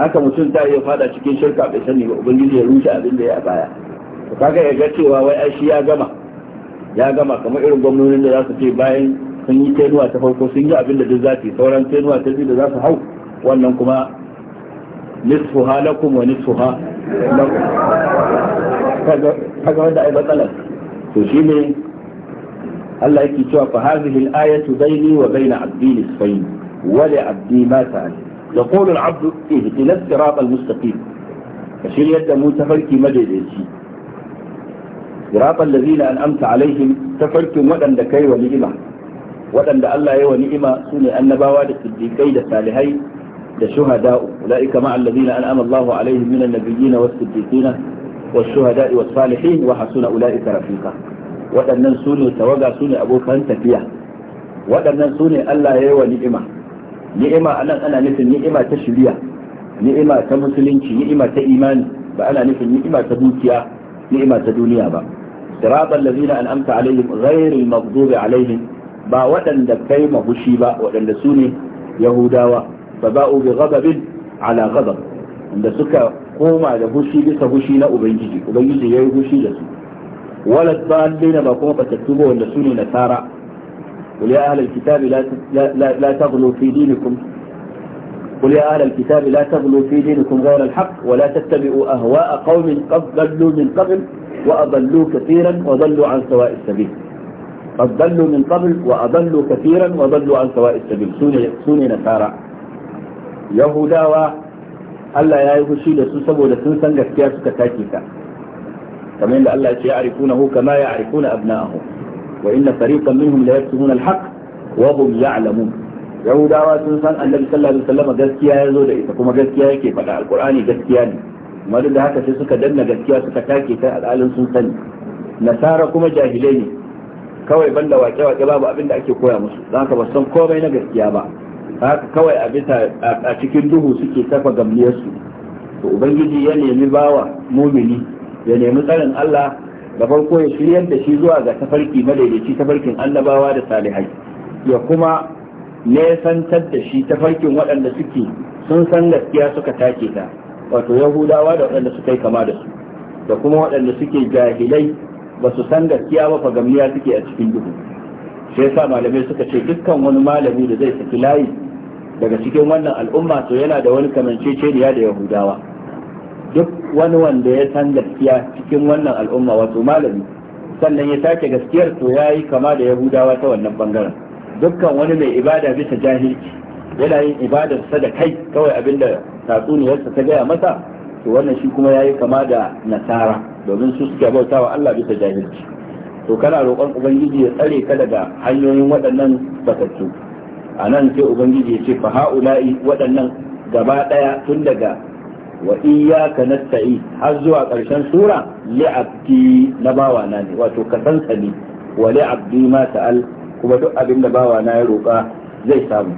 Speaker 1: haka mutum ta iya fada cikin shirka bai sani ba ubangiji ya rushe abin da ya baya to kaga ya ga cewa wai ai shi ya gama ya gama kamar irin gwamnonin da za su ce bayan sun yi tenuwa ta farko sun yi abin da duk za su yi sauran tenuwa ta biyu da za su hau wannan kuma nisfuha lakum wa nisfuha kaga wanda ai matsalar to shi ne Allah yake cewa fa hadhihi al-ayatu bayni wa bayna abdi nisfayn wa li abdi ma sa'al yaqulu al-abdu ihdina as-sirata al-mustaqim kashir yadda mu tafarki madaidaici sirata allazina an'amta alaihim tafarkin wadanda kai wa ni'ima wadanda Allah ya wa ni'ima sune annabawa da siddiqai da salihai da shuhada ulaika ma alladhina an'ama Allahu alaihim minan nabiyyin was-siddiqin wash-shuhada was-salihin wa hasuna ulaika rafiqa waɗannan su ne tawaga su ne abokan tafiya waɗannan su ne Allah ya yi wa ni'ima ni'ima anan ana nufin ni'ima ta shiriya ni'ima ta musulunci ni'ima ta imani ba ana nufin ni'ima ta dukiya ni'ima ta duniya ba siratal ladina an'amta alaihim ghayril maghdubi alaihim ba waɗanda kai mahushi ba waɗanda su ne yahudawa فباءوا بغضب على غضب عند suka قوم على bushi بس bushi لا أبنجي أبنجي yayi bushi da ولد بان بين ba kuma fatattu ba قل يا أهل الكتاب لا لا تغلوا في دينكم قل يا أهل الكتاب لا تغلوا في دينكم غير الحق ولا تتبعوا أهواء قوم قد ضلوا من قبل وأضلوا كثيرا وضلوا عن سواء السبيل قد ضلوا من قبل وأضلوا كثيرا وضلوا عن سواء السبيل سوني, سوني نسارا yahudawa Allah ya yi fushi da su saboda sun san gaskiya suka take ka kamar yadda Allah ya ce ya'rifunahu kama ya'rifuna abna'ahum wa inna fariqan minhum la yaktumuna al-haqq wa hum ya'lamun yahudawa sun san annabi sallallahu alaihi wasallam gaskiya ya zo da ita kuma gaskiya yake faɗa alqur'ani gaskiya ne amma da haka sai suka danna gaskiya suka take ka al'alin sun sani nasara kuma jahilai ne kawai banda wake-wake babu abin da ake koya musu za ka ba san komai na gaskiya ba haka kawai a bisa a cikin duhu suke tafa gamliyarsu to ubangiji ya nemi bawa mumini ya nemi tsarin Allah da farko ya shiryar da shi zuwa ga tafarki madaidaici tafarkin annabawa da salihai ya kuma nesantar da shi tafarkin waɗanda suke sun san gaskiya suka take ta wato yahudawa da waɗanda suka yi kama da su da kuma waɗanda suke jahilai ba su san gaskiya ba fagamniya suke a cikin duhu Sai sa malamai suka ce dukkan wani malami da zai saki layi daga cikin wannan al'umma to yana da wani kamanceceniya da yahudawa duk wani wanda ya san gaskiya cikin wannan al'umma wato malami sannan ya sake gaskiyar to ya yi kama da yahudawa ta wannan bangaren dukkan wani mai ibada bisa jahilci yana yin ibadarsa da kai kawai abinda tatsuniyarsa ta gaya masa to wannan shi kuma ya yi kama da nasara domin su suke bautawa Allah bisa jahilci to kana roƙon ubangiji ya tsare ka daga hanyoyin waɗannan batattu a nan sai ubangiji ya ce fa ha'ula'i waɗannan gaba ɗaya tun daga wa iyyaka nasta'i har zuwa ƙarshen sura li'abdi na bawana ne wato ka san sani wa li'abdi ma ta'al kuma duk abin da bawana ya roƙa zai samu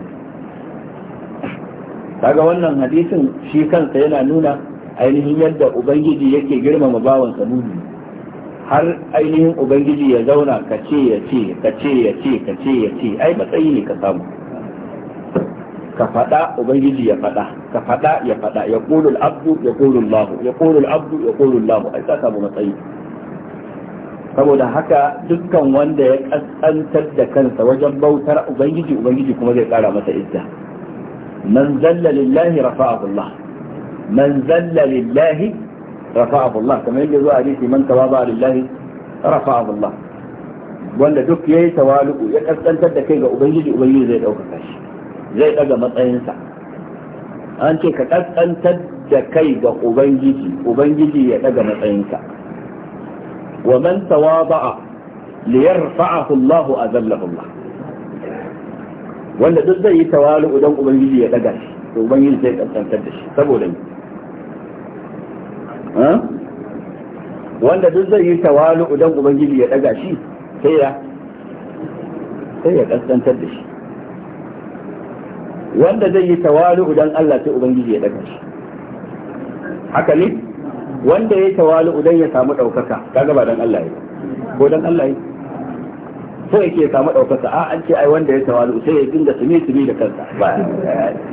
Speaker 1: kaga wannan hadisin shi kansa yana nuna ainihin yadda ubangiji yake girmama bawansa nuni har ainihin ubangiji ya zauna ka ce ya ce ka ce ya ce ka ce ya ce ai matsayi ne ka samu كفتا أبيل يفتا كفتا يفتا يقول العبد يقول الله يقول العبد يقول الله أيضا كابو مطيب كابو لحكا دكا واندى أسأل تد كنس وجب ترى أبيل أبيل كما يقال مطيب من ذل لله رفعه الله من ذل لله رفعه الله كما يجزو أليسي من تواضع لله رفعه الله وانا دكي يتوالق يقصد أن تد كيغا أبيل أبيل زي الأوكاكاشي zai ɗaga matsayinsa an ce ka ƙasƙantar da kai ga ubangiji ubangiji ya ɗaga matsayinsa wa man tawada'a liyarfa'ahu Allah azallahu Allah wanda duk zai yi tawalu idan ubangiji ya ɗaga shi to ubangiji zai ƙasƙantar da shi saboda ni wanda duk zai yi tawalu idan ubangiji ya ɗaga shi sai ya sai ya kaskantar da shi wanda zai yi tawalu dan Allah sai ubangiji ya daga shi haka ne wanda ya yi tawalu dan ya samu daukaka kaga ba dan Allah ya ko dan Allah ya ko yake ya samu daukaka a an ce ai wanda ya tawalu sai ya dinga sumi sumi da kansa ba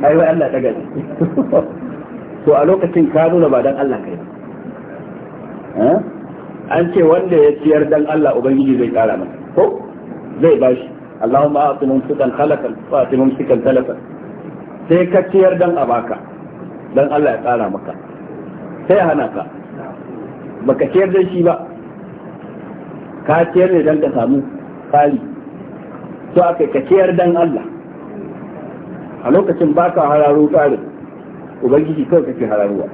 Speaker 1: ai wai Allah daga shi [laughs] to a lokacin ka nuna ba dan Allah kai eh? an ce wanda ya ciyar dan Allah ubangiji zai kara masa ko zai bashi اللهم اعط ممسكا خلفا واعط ممسكا تلفا sai ka ciyar dan a baka dan Allah ya tsara maka sai hana ka baka ciyar da shi ba ka ciyar ne dan ka samu kali to aka ka ciyar dan Allah a lokacin baka hararo tsarin ubangiji kawai kake hararuwa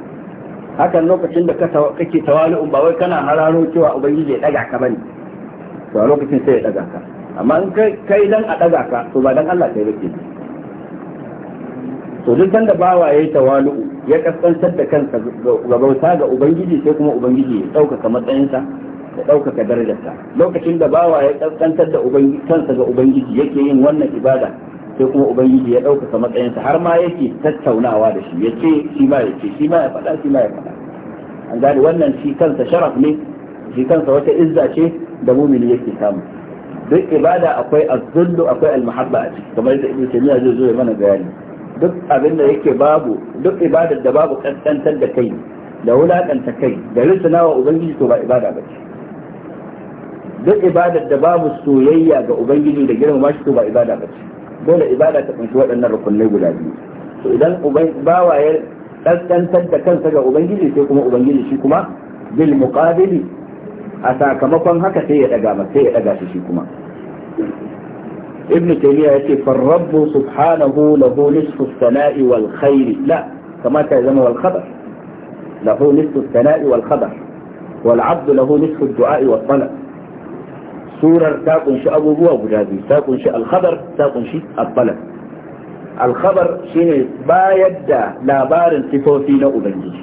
Speaker 1: hakan lokacin da kake tawali ba wai kana hararo cewa ubangiji ya daga ka bane to a lokacin sai ya daga ka amma in kai dan a daga ka to ba dan Allah kai ba kenan to duk da bawa ya yayi tawalu ya kaskantar da kansa ga bauta ga ubangiji sai kuma ubangiji ya ɗaukaka matsayinsa da ɗaukaka darajarsa lokacin da bawa ya kaskantar da kansa ga ubangiji yake yin wannan ibada sai kuma ubangiji ya ɗaukaka matsayinsa har ma yake tattaunawa da shi ya ce shi ma ya ce shi ma ya faɗa shi ma ya faɗa an gane wannan shi kansa sharaf ne shi kansa wata izza ce da mumini yake samu duk ibada akwai azzullu akwai almuhabba a ciki kamar yadda ibnu taymiya zai zo ya mana bayani duk abin da yake babu duk ibadar da babu kankantar da kai da wulaƙanta kai da risana wa ubangiji to ba ibada ba ce duk ibadar da babu soyayya ga ubangiji da girmama shi to ba ibada ba ce dole ibada ta kunshi waɗannan rukunai guda biyu to idan bawa ya kankantar da kansa ga ubangiji sai kuma ubangiji shi kuma bil muqabili a sakamakon haka sai ya daga sai ya daga shi kuma ibn taymiya yace farrabbu subhanahu lahu nisfu sana'i wal khairi la kamata ya zama wal khabar lahu nisfu sana'i wal khabar wal abdu lahu nisfu du'a'i wat surar ta kunshi abubuwa guda biyu ta kunshi al khabar ta kunshi al al khabar shine bayar da labarin sifofi na ubangiji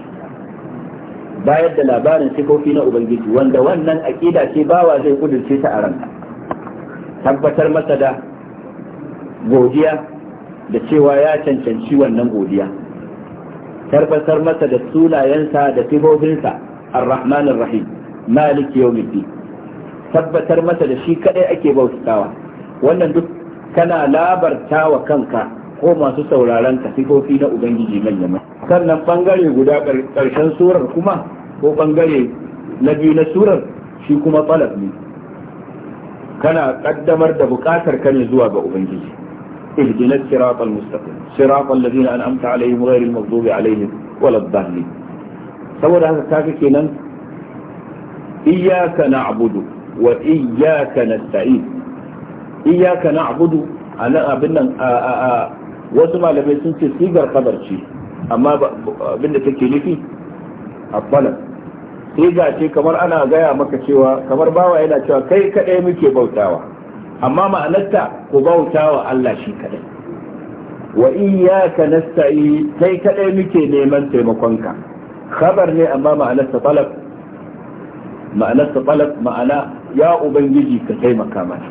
Speaker 1: bayar da labarin sifofi ubangiji wanda wannan aqida ce bawa zai kudurce ta a tabbatar masa da godiya da cewa ya cancanci wannan godiya tabbatar masa da sunayensa da sifofinsa ar-rahman ar-rahim malik yawmiddi tabbatar masa da shi kadai ake bautawa wannan duk kana labarta wa kanka ko masu sauraron ka sifofi na ubangiji manyan sannan bangare guda karshen surar kuma ko bangare na biyu na surar shi kuma talab ne kana kaddamar da bukatar ka ne zuwa ga ubangiji اهدنا الصراط المستقيم صراط الذين أنعمت عليهم غير المغضوب عليهم ولا الضالين saboda haka kaga kenan iyyaka na'budu wa iyyaka nasta'in iyyaka na'budu anan abin nan wasu malamai sun ce sigar kabarci amma abinda take nufi a falon siga ce kamar ana gaya maka cewa kamar bawa yana cewa kai kadai muke bautawa amma ma'anarta ku bauta wa Allah shi kadai wa iyyaka nasta'in kai kadai muke neman taimakonka khabar ne amma ma'anarta talab Ma'anarta talab ma'ana ya ubangiji ka taimaka mana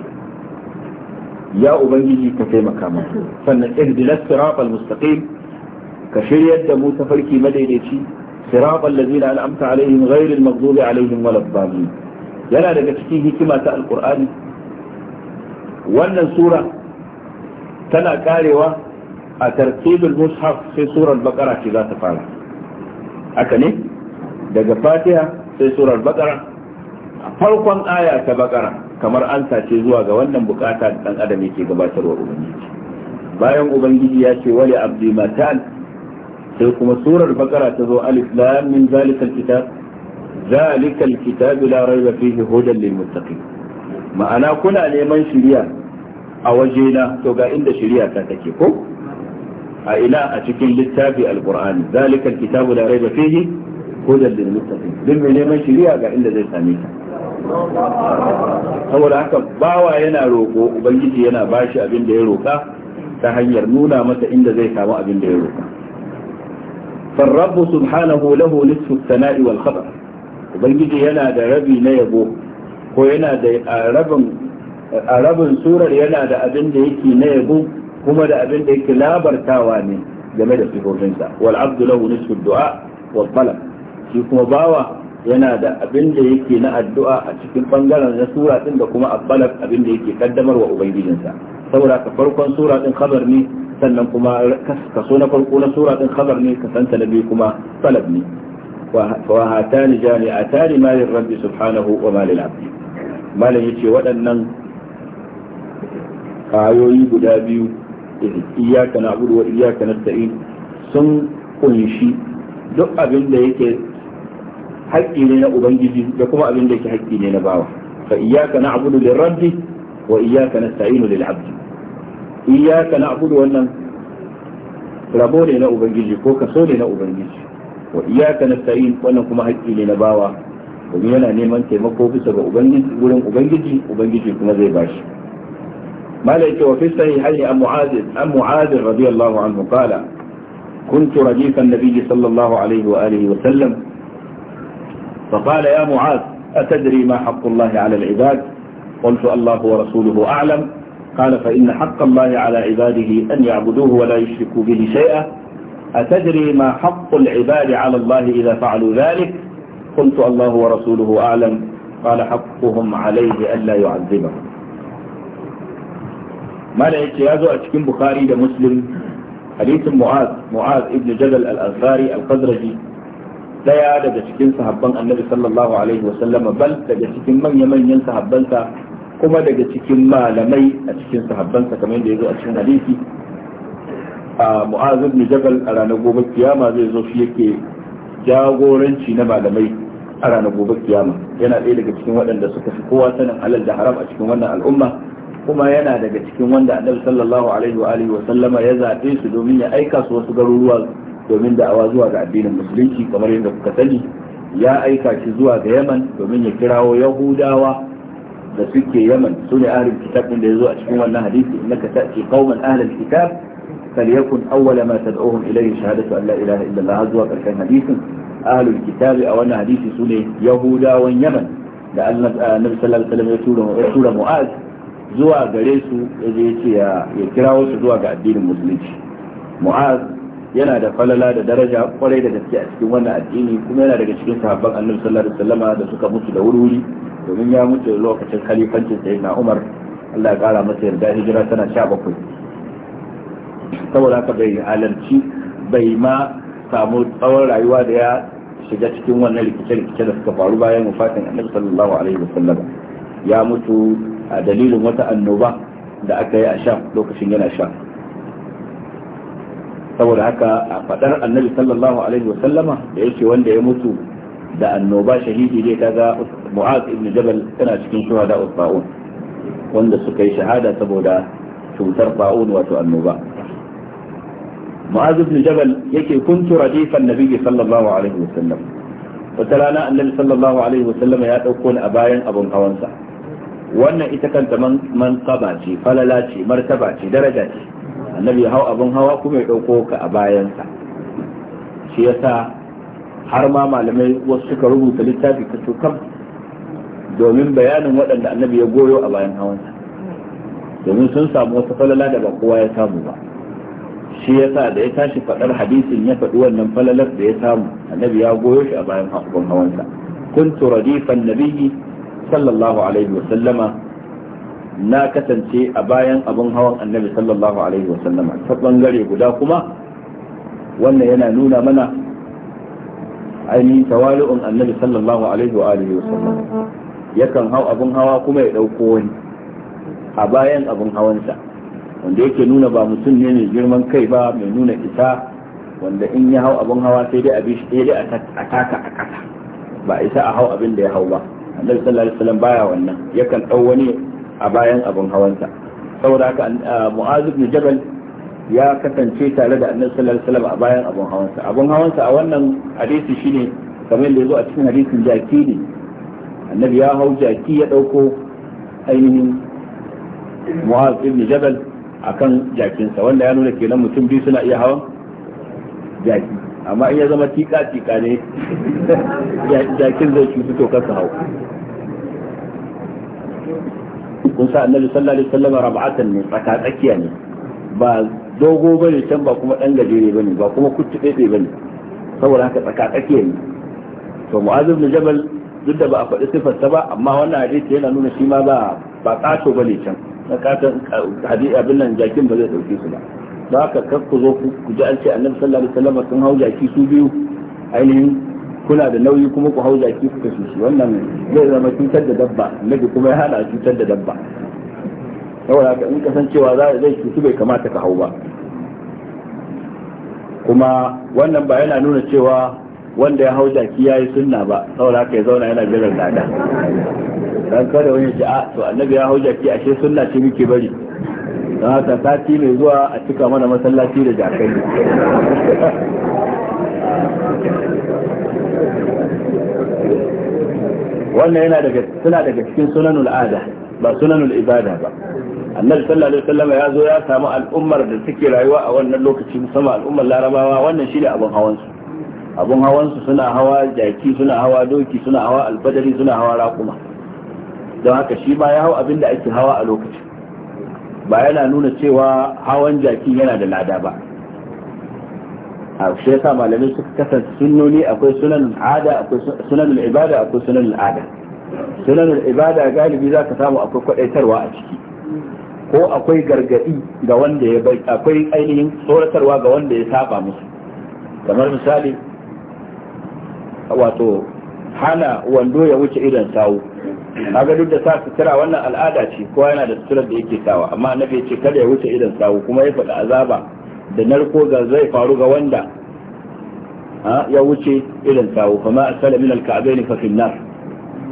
Speaker 1: ya ubangiji ka taimaka mana sannan ihdinas siratal mustaqim ka shiryar da mu tafarki madaidaici siratal ladina an'amta alaihim ghairil maghdubi alaihim waladdallin yana daga cikin hikima ta alqur'ani wannan sura tana karewa a tartibul mushaf sai surar bakara ce za ta fara haka ne daga fatiha sai surar bakara farkon aya ta bakara kamar an sace zuwa ga wannan bukata da dan adam yake gabatarwa ubangiji bayan ubangiji ya ce wali abdi matan sai kuma surar bakara ta zo alif lam min zalikal kitab zalikal kitab la rayba fihi hudan lil muttaqin ma'ana kuna neman shiriya a wajena to ga inda shiriya ta take ko a ina a cikin littafi alqur'ani zalika alkitabu la rayba fihi hudan lil muttaqin din mai neman shiriya ga inda zai same ta saboda haka bawa yana roko ubangiji yana bashi abin da ya roka ta hanyar nuna masa inda zai samu abin da ya roka فالرب سبحانه له نصف الثناء والخبر ubangiji yana da rabi na yabo ko yana da a rabin surar yana da abin da yake na yabo kuma da abin da yake labartawa ne game da sifofinsa wal abdu lahu nisfu du'a wa talab shi kuma bawa yana da abin da yake na addu'a a cikin bangaren na sura din da kuma abbalab abin da yake kaddamarwa ubangijinsa saboda ka farkon sura din khabar ne sannan kuma kaso na farko na sura din khabar ne kasanta na biyu kuma talab ne wa hatani jami'atani ma rabbi subhanahu wa ma abdi malam ce waɗannan ayoyi guda biyu iyyaka na'budu wa na nasta'in sun kunshi duk abin da yake haƙƙi ne na ubangiji da kuma abin da yake haƙƙi ne na bawa fa iyyaka na'budu lirabbi wa iyyaka nasta'inu lil'abd iyyaka abudu wannan rabo ne na ubangiji ko kaso ne na ubangiji wa na nasta'in wannan kuma haƙƙi ne na bawa domin yana neman taimako bisa ga ubangiji gurin ubangiji ubangiji kuma zai bashi مالك وفي الصحيحين عن معاذ عن معاذ رضي الله عنه قال كنت رديف النبي صلى الله عليه وآله وسلم فقال يا معاذ أتدري ما حق الله على العباد قلت الله ورسوله أعلم قال فإن حق الله على عباده أن يعبدوه ولا يشركوا به شيئا أتدري ما حق العباد على الله إذا فعلوا ذلك قلت الله ورسوله أعلم قال حقهم عليه ألا يعذبه ما لا يتيازو أتكين بخاري لمسلم حديث معاذ معاذ ابن جبل الأنصاري القدرجي لا يعاد أتكين صحبان النبي صلى الله عليه وسلم بل أتكين من يمن ينسى حبانسا kuma daga cikin malamai a cikin sahabbansa kamar yadda ya zo a cikin hadisi a mu'azir ibn jabal a ranar gobe kiyama zai zo shi yake jagoranci na malamai a ranar gobe kiyama yana ɗaya daga cikin waɗanda suka fi kowa sanin halal da haram a cikin wannan al'umma kuma yana daga cikin wanda annabi sallallahu alaihi wa alihi wa sallama ya zaɓe su domin ya aika su wasu garuruwa domin da'awa zuwa ga addinin musulunci kamar yadda kuka sani ya aika shi zuwa ga yaman domin ya kirawo yahudawa da suke yaman su ne ahlul kitab da ya zo a cikin wannan hadisi innaka ta'ti qauman ahlul kitab فليكن أول ما تدعوهم إليه شهادة أن لا إله إلا الله عز وجل كان حديث أهل الكتاب أو أن حديث سنة يهودا واليمن لأن النبي صلى الله عليه وسلم يسول مؤاذ zuwa gare su yaje ya kira wasu zuwa ga addinin musulunci mu'az yana da falala da daraja kwarai da gaske a cikin wannan addini kuma yana daga cikin sahabban annabi sallallahu alaihi wasallama da suka mutu da wuri domin ya mutu lokacin khalifancin sayyidina umar Allah ya kara masa yarda hijira tana 17 saboda haka bai halarci bai ma samu tsawon rayuwa da ya shiga cikin wannan rikice-rikice da suka faru bayan wafatin annabi sallallahu alaihi wasallam ya mutu a dalilin wata annoba da aka yi a sham lokacin yana sha saboda haka a fadar annabi sallallahu alaihi wasallama da yake wanda ya mutu da annoba shahidi ne kaga mu'az ibn jabal tana cikin shuhada usbaun wanda suka yi shahada saboda cutar ba'un wato annoba معاذ بن جبل يكي كنت رديف النبي صلى الله عليه وسلم وتلانا النبي صلى الله عليه وسلم يا تكون أبايا أبو هوانسا wannan ita kanta man kaba ce falala ce martaba ce daraja hau abin hawa kuma ya ɗauko ka a bayansa shi yasa har ma malamai wasu suka rubuta littafi ta domin bayanin waɗanda annabi ya goyo a bayan hawansa domin sun samu wata falala da ba kowa ya samu ba shi ya sa da ya tashi faɗar hadisin ya faɗi wannan falalar da ya samu annabi ya goyo shi a bayan hawan hawansa kuntu radifan nabiyyi sallallahu alaihi wa sallama na kasance a bayan abin hawan annabi sallallahu alaihi wa sallama ta bangare guda kuma wannan yana nuna mana ainihin tawali'un annabi sallallahu alaihi wa alihi wa sallam yakan hau abin hawa kuma ya dauko wani a bayan abin hawansa wanda yake nuna ba mutum ne mai girman kai ba mai nuna isa wanda in ya hau abin hawa sai dai abin shi dai a taka a kasa ba isa a hau abin da ya hau ba annabi sallallahu alaihi wasallam baya wannan yakan dau wani a bayan abin hawansa saboda haka mu'az ibn jabal ya kasance tare da annabi sallallahu alaihi wasallam a bayan abin hawansa abin hawansa a wannan hadisi shine kamar yadda yazo a cikin hadisin jaki ne annabi ya hau jaki ya dauko ainihin mu'az ibn jabal akan jakinsa wanda ya nuna kenan mutum biyu suna iya hawan jaki amma in ya zama tika tika ne [laughs] jakin zai cutu to kansa hau kun sa annabi sallallahu alaihi wasallam rab'atan ne tsaka tsakiya ne ba dogo bane can ba kuma dan gajere bane ba kuma kuttube bane saboda haka tsaka tsakiya ne to mu'azib ibn jabal duk da ba a faɗi siffarta ba amma wannan hadisi yana nuna shi ma ba ba ƙato ba ne can na katon hadisi abin nan jakin ba zai ɗauke su ba ba ka kar zo ku ji an ce annabi sallallahu alaihi wasallam sun hau jaki su biyu ainihin kuna da nauyi kuma ku hau jaki ku kashe shi wannan zai zama cutar da dabba annabi kuma ya hada cutar da dabba saboda ka in kasancewa zai cutu bai kamata ka hau ba kuma wannan ba yana nuna cewa wanda ya hau jaki ya yi sunna ba saboda haka ya zauna yana jiran lada dan kada wani ji a ah, to annabi ya hau jaki ashe sunna ce muke bari don haka sati mai zuwa a cika mana masallaci da jakai wannan yana daga suna daga cikin sunanul ada ba sunanul ibada ba annabi sallallahu alaihi wasallam ya zo ya samu al'ummar da suke rayuwa a wannan lokaci musamman al'ummar larabawa wannan shine abin hawan su abun hawansu suna hawa jaki suna hawa doki suna hawa albadari suna hawa raƙuma don haka shi ma ya hau abin da ake hawa a lokacin ba yana nuna cewa hawan jaki yana da lada ba a shi yasa malamai suka kasance sunnoni akwai sunan al'ada akwai sunan al'ibada akwai sunan al'ada sunan al'ibada galibi za ka samu akwai kwadaitarwa a ciki ko akwai gargadi ga wanda ya bai akwai ainihin tsoratarwa ga wanda ya saba musu kamar misali wato hana wando ya wuce idan sawu kaga duk da sa sutura wannan al'ada ce kowa yana da suturar da yake sawa amma annabi ya ce kada ya wuce idan sawu kuma ya faɗi azaba da narko ga zai faru ga wanda ya wuce idan sawu kuma asala min al-ka'bayn fa fil nar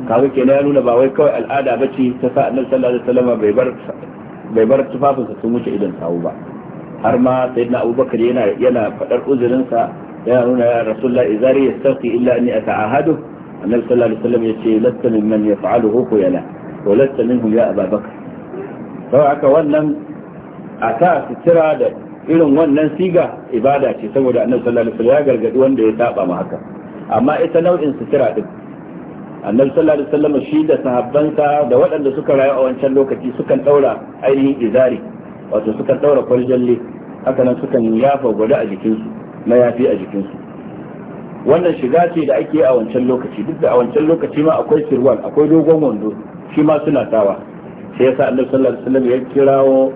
Speaker 1: kaga kenan ya nuna ba wai kawai al'ada bace ta sa annabi sallallahu alaihi wasallam bai bar bai bar tufafinsa sun wuce idan sawu ba har ma sayyidina abubakar yana yana faɗar uzurinsa ya nuna ya rasulullah izari ya yastaqi illa ni a ata'ahadu annabi sallallahu alaihi wasallam yace latta mimman yaf'aluhu khuyala wa latta minhum ya aba bakr sau aka wannan a ta sutura da irin wannan siga ibada ce saboda annabi sallallahu alaihi wasallam ya gargadi wanda ya saba ma haka amma ita nau'in sutura din annabi sallallahu alaihi wasallam shi da sahabbansa da waɗanda suka rayu a wancan lokaci sukan daura ainihin izari wato sukan daura kwaljalle haka nan sukan yafa guda a jikinsu na mayafi a jikinsu wannan shiga ce da ake a wancan lokaci duk da a wancan lokaci ma akwai sirwan akwai dogon wando shi ma suna tawa sai yasa annabi sallallahu alaihi wasallam ya kirawo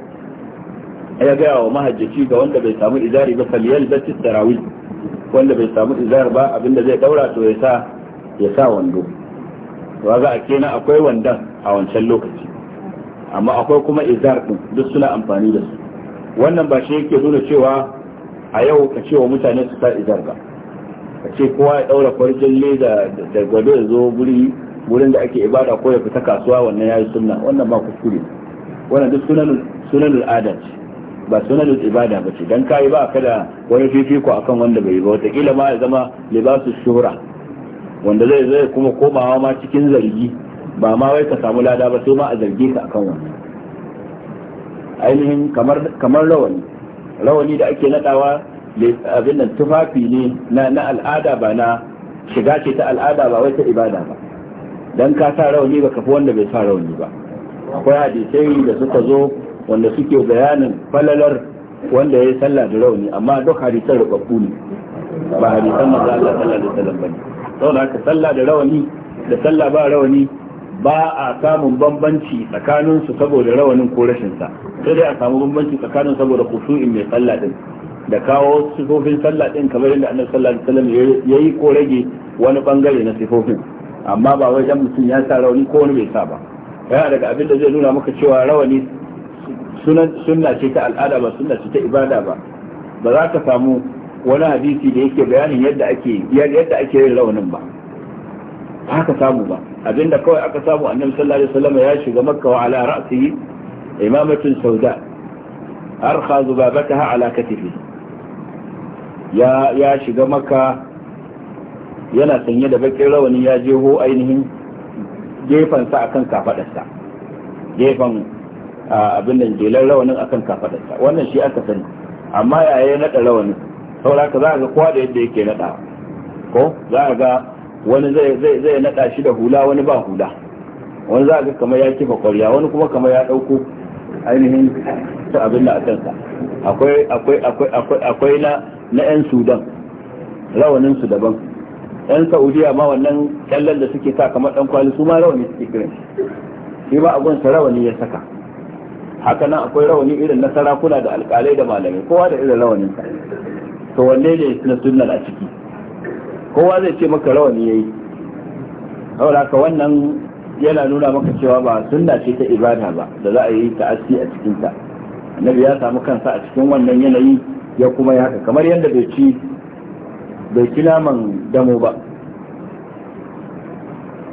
Speaker 1: ya gaya wa mahajjaci ga wanda bai samu izari ba faliyal batis tarawih wanda bai samu izar ba abinda zai daura to ya sa ya sa wando to ga a kenan akwai wandan a wancan lokaci amma akwai kuma izar din duk suna amfani da su wannan ba shi yake nuna cewa a yau ka ce wa mutane su sa idan ba ka ce kowa ya daura farjin leda da gwado ya zo guri wurin da ake ibada ko ya fita kasuwa wannan yayi sunna wannan ba kuskure wannan duk sunan sunanul ba sunan ibada ba ce dan kayi ba kada wani fifiko akan wanda bai ba wata kila ma ya zama libasu shura wanda zai zai kuma komawa ma cikin zargi ba ma wai ka samu lada ba sai ma a zargi ka akan wannan ainihin kamar kamar rawani rawani da ake nadawa abin nan tufafi ne na al'ada ba na shiga ce ta al'ada ba wai ta ibada ba dan ka sa rawani ba kafi wanda bai sa rawani ba akwai hadisai da suka zo wanda suke bayanin falalar wanda ya yi sallah da rauni amma duk hadisan rubabbu ne ba hadisan manzo Allah sallallahu alaihi wasallam bane saboda haka sallah da rawani da sallah ba rawani ba a samun bambanci tsakanin su saboda rawanin ko rashin sa sai dai a samu bambanci tsakanin saboda kusurin mai sallah din da kawo sifofin sallah din kamar yadda annabi sallallahu alaihi wasallam yayi ko rage wani bangare na sifofin amma ba wai dan mutum ya sa rawani ko wani bai sa ba yana daga abin da zai nuna maka cewa rawani sunna ce ta al'ada ba sunna ce ta ibada ba ba za ka samu wani hadisi da yake bayanin yadda ake yadda ake yin rawanin ba haka samu ba abinda kawai aka samu annabi sallallahu alaihi wasallam ya shiga makka wa ala rasi imamatun sauda arkha zubabataha ala katifi ya ya shiga makka yana sanye da bakin rawani ya jeho ainihin sa akan kafadarsa gefan abin da jelan rawanin akan kafadarsa wannan shi aka sani amma yaya ya nada rawanin saboda ka za ga kowa da yadda yake nada ko za ga wani zai zai zai nada shi da hula wani ba hula wani za ga kamar ya kifa kwarya wani kuma kamar ya dauko ainihin ta abin da a kansa akwai akwai akwai akwai na na yan sudan rawanin su daban yan saudiya ma wannan kyallan da suke sa kamar ɗan kwali su ma rawani suke kiran shi ma abun sa rawani ya saka haka nan akwai rawani irin na sarakuna da alƙalai da malamai kowa da irin rawanin sa to wanne ne na sunnar a ciki kowa zai ce maka rawani yayi saboda haka wannan yana nuna maka cewa ba sunna ce ta ibada ba da za a yi ta'assi a cikin ta annabi ya samu kansa a cikin wannan yanayi ya kuma ya haka kamar yadda bai ci bai ci naman damo ba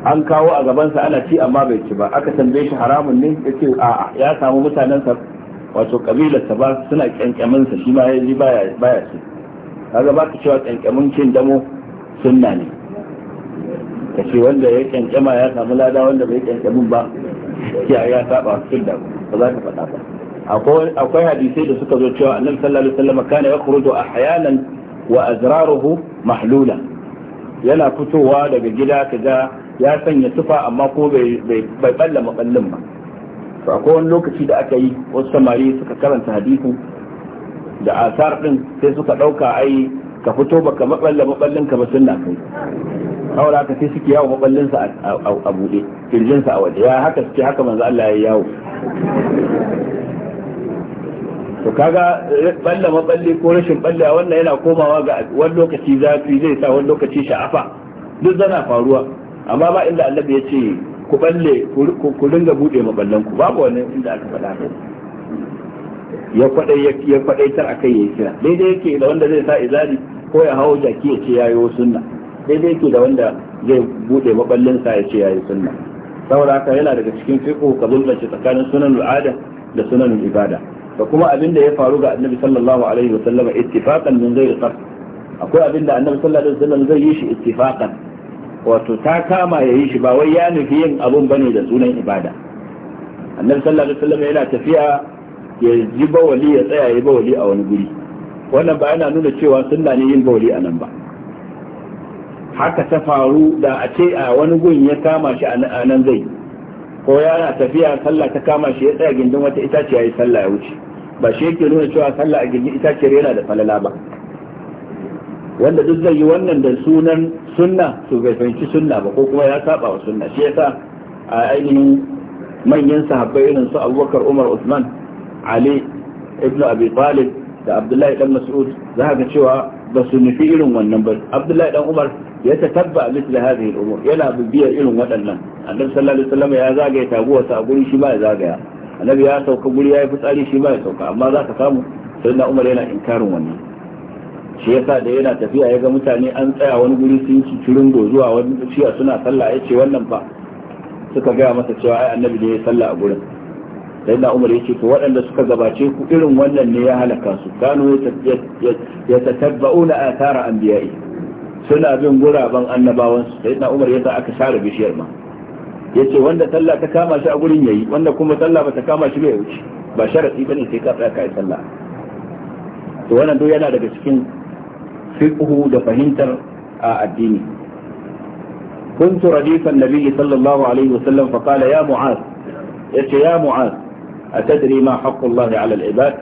Speaker 1: an kawo a gabansa ana ci amma bai ci ba aka tambaye shi haramun ne ya ce a'a ya samu mutanensa wato kabilarsa ba suna kyankyaminsa shi ma ya ji baya ce kaga ba ka cewa kyankyamin cin damo sunna ne ka ce wanda ya kyankyama ya samu lada wanda bai min ba ya ya saba sunna ba za ka faɗa ba akwai hadisai da suka zo cewa annabi sallallahu alaihi wasallam kana yakhruju ahyanan wa azraruhu mahlula yana fitowa daga gida ga ya sanya tufa amma ko bai balla maballin ba to akwai wani lokaci da aka yi wasu samari suka karanta hadisin da asar din sai suka dauka ai ka fito baka maballa maballin ka ba sunna kai haura haka sai suke yawo maballin sa a bude kirjin sa a waje ya haka suke haka manzo Allah ya yawo to kaga balla maballi ko rashin balla wannan yana komawa ga wani lokaci zafi zai sa wani lokaci sha'afa duk zana faruwa amma ba inda Allah ya ce ku balle ku ringa bude maballan ku babu wani inda aka faɗa ya kwadai ya kwadaitar akai yayi kira daidai yake da wanda zai sa izali ko ya hawo jaki ya ce yayo sunna daidai yake da wanda zai bude maballin sa ya ce yayi sunna saboda haka yana daga cikin fiqh ka bambance tsakanin sunan al'ada da sunan ibada da kuma abin da ya faru ga annabi sallallahu alaihi wasallam ittifaqan min zai qasd akwai abin da annabi sallallahu alaihi wasallam zai yi shi ittifaqan wato ta kama ya yi shi ba wai ya nufi yin abun bane da sunan ibada annabi sallallahu alaihi wasallam yana tafiya ya yi bawali ya tsaya ya bawali a wani guri wannan ba yana nuna cewa sunna ne yin bawali a nan ba haka ta faru da a ce a wani gun ya kama shi a nan zai ko yana tafiya sallah ta kama shi ya tsaya gindin wata itace ya yi sallah ya wuce ba shi yake nuna cewa sallah a gindin itaciyar yana da falala ba wanda duk zai yi wannan da sunan sunna su bai fahimci sunna ba ko kuma ya saba wa sunna shi yasa a ainihin manyan sahabbai irin su abubakar umar usman ali ibn abi talib da abdullahi dan mas'ud za ga cewa ba su nufi irin wannan ba abdullahi dan umar ya tatabba misl hadhihi al-umur yana bibiya irin waɗannan annabi sallallahu alaihi wasallam ya zagaya taguwa sa guri shi ba ya zagaya annabi ya sauka guri ya yi fitsari shi ba ya sauka amma za ka samu sai Dan umar yana inkarin wannan shi yasa da yana tafiya ya ga mutane an tsaya wani guri sun ci turingo zuwa wani tafiya suna sallah ya ce wannan fa suka gaya masa cewa ai annabi ne ya sallah a gurin sai na umar ya ce waɗanda suka gabace ku irin wannan ne ya halaka su kano ya tatabba'u na asara an biya'i suna bin guraben annabawansu sai na umar ya sa aka share bishiyar ma ya ce wanda talla ta kama shi a gurin yayi wanda kuma talla ba ta kama shi bai wuce ba sharaɗi ba ne sai ka tsaya kai yi sallah to wannan duk yana daga cikin fiqhu da fahimtar a addini كنت رديف النبي صلى الله عليه وسلم فقال يا معاذ yace ya mu'az a tadri ma haqqullahi ala al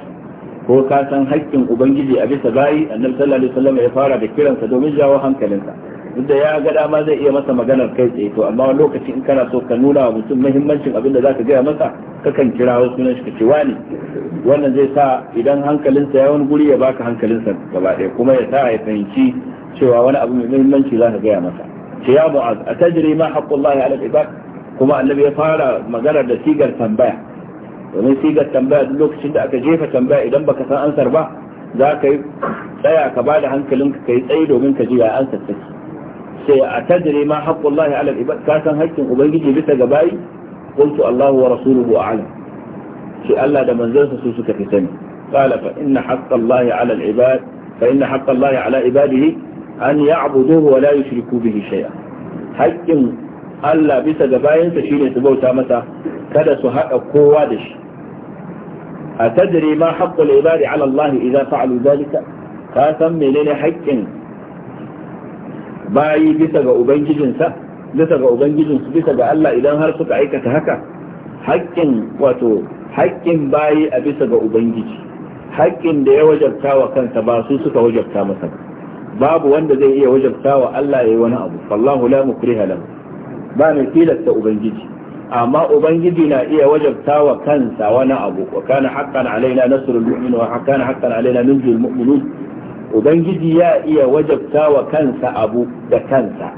Speaker 1: ko kasan san haƙƙin ubangiji a bisa bayi annabi ya fara da kiransa domin jawo hankalinsa duk ya ga dama zai iya masa maganar kai tsaye to amma lokacin in kana so ka nuna wa mutum muhimmancin abin da zaka gaya masa kakan kira wasu sunan shi cewa wani wannan zai sa idan hankalinsa ya wani guri ya baka hankalinsa gaba ɗaya kuma ya sa ya fahimci cewa wani abu mai muhimmanci zaka gaya masa ce ya mu'az atajri ma haqqullahi ala ibad kuma annabi ya fara maganar da sigar tambaya domin sigar tambaya duk lokacin da aka jefa tambaya idan baka san ansar ba za ka yi tsaya ka ba da hankalinka ka yi tsayi domin ka ji ya ansar take sai a tadri ma haqqullahi ala al-ibad ka san haƙƙin ubangiji bisa ga bayi qultu Allah wa rasuluhu a'lam sai Allah da manzansa su suka fi sani qala fa inna haqqallahi ala al-ibad fa inna haqqallahi ala ibadihi an ya'buduhu wa la yushriku bihi shay'a haƙƙin Allah bisa ga bayansa shine su bauta masa kada su haɗa kowa da shi a tajiri ma haƙƙul ibadi ala Allah idan fa'alu zalika ka san menene haƙƙin bayi bisa ga ubangijinsa bisa ga ubangijinsu bisa ga Allah idan har suka aikata haka haƙƙin wato haƙƙin bayi a bisa ga ubangiji haƙƙin da ya wajabta wa kansa ba su suka wajabta masa babu wanda zai iya wajabta wa Allah ya yi wani abu wallahu la mukriha lahu ba mai tilasta ubangiji amma ubangiji na iya wajabta wa kansa wani abu wa kana haqqan alaina nasrul mu'min wa kana haqqan alaina nunjil mu'minin ubangiji ya iya wajabta wa kansa abu da kansa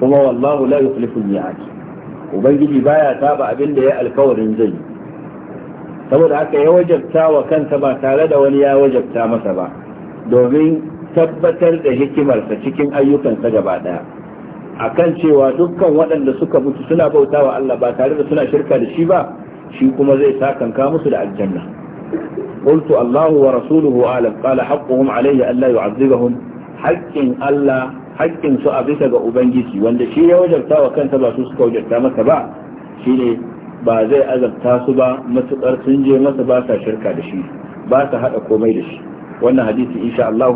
Speaker 1: kuma wallahu la yukhlifu al-mi'ad ubangiji baya saba abin da ya alkawarin zai saboda haka ya wajabta wa kansa ba tare da wani ya wajabta masa ba domin tabbatar da hikimarsa cikin ayyukansa gaba daya akan cewa dukkan waɗanda suka mutu suna bauta wa Allah ba tare da suna shirka da shi ba shi kuma zai sakanka musu da aljanna qultu allahu wa rasuluhu alam qala haqquhum alayhi an la yu'adhibahum haqqin Allah haqqin su a bisa ga ubangiji wanda shi ya wajarta wa kansa ba su suka wajabta masa ba shine ba zai azabta su ba matukar sun je masa basa shirka da shi ba sa hada komai da shi wannan hadisi insha Allah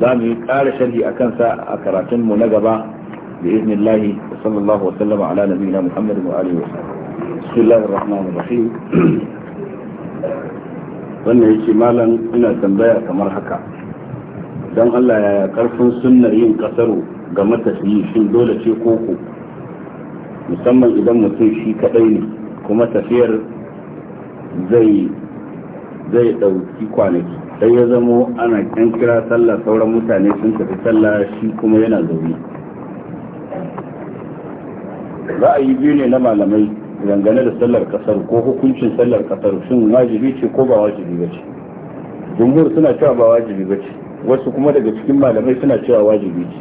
Speaker 1: za mu yi ƙara sharhi a kansa a karatunmu na gaba بإذن الله وصلى الله وسلم على نبينا محمد وآله وسلم بسم الله الرحمن الرحيم wannan malam ina tambaya kamar haka don Allah yaya karfin sunnar yin kasaro ga matafiyi shin dole ce koko musamman idan mutum shi kadai ne kuma tafiyar zai zai dauki kwanaki sai ya zamo ana kyan kira sallah sauran mutane sun tafi sallah shi kuma yana zaune ra'ayi biyu ne na malamai dangane da sallar kasar ko hukuncin sallar kasar shin wajibi ce ko ba wajibi ba ce jumhur suna cewa ba wajibi ba ce wasu kuma daga cikin malamai suna cewa wajibi ce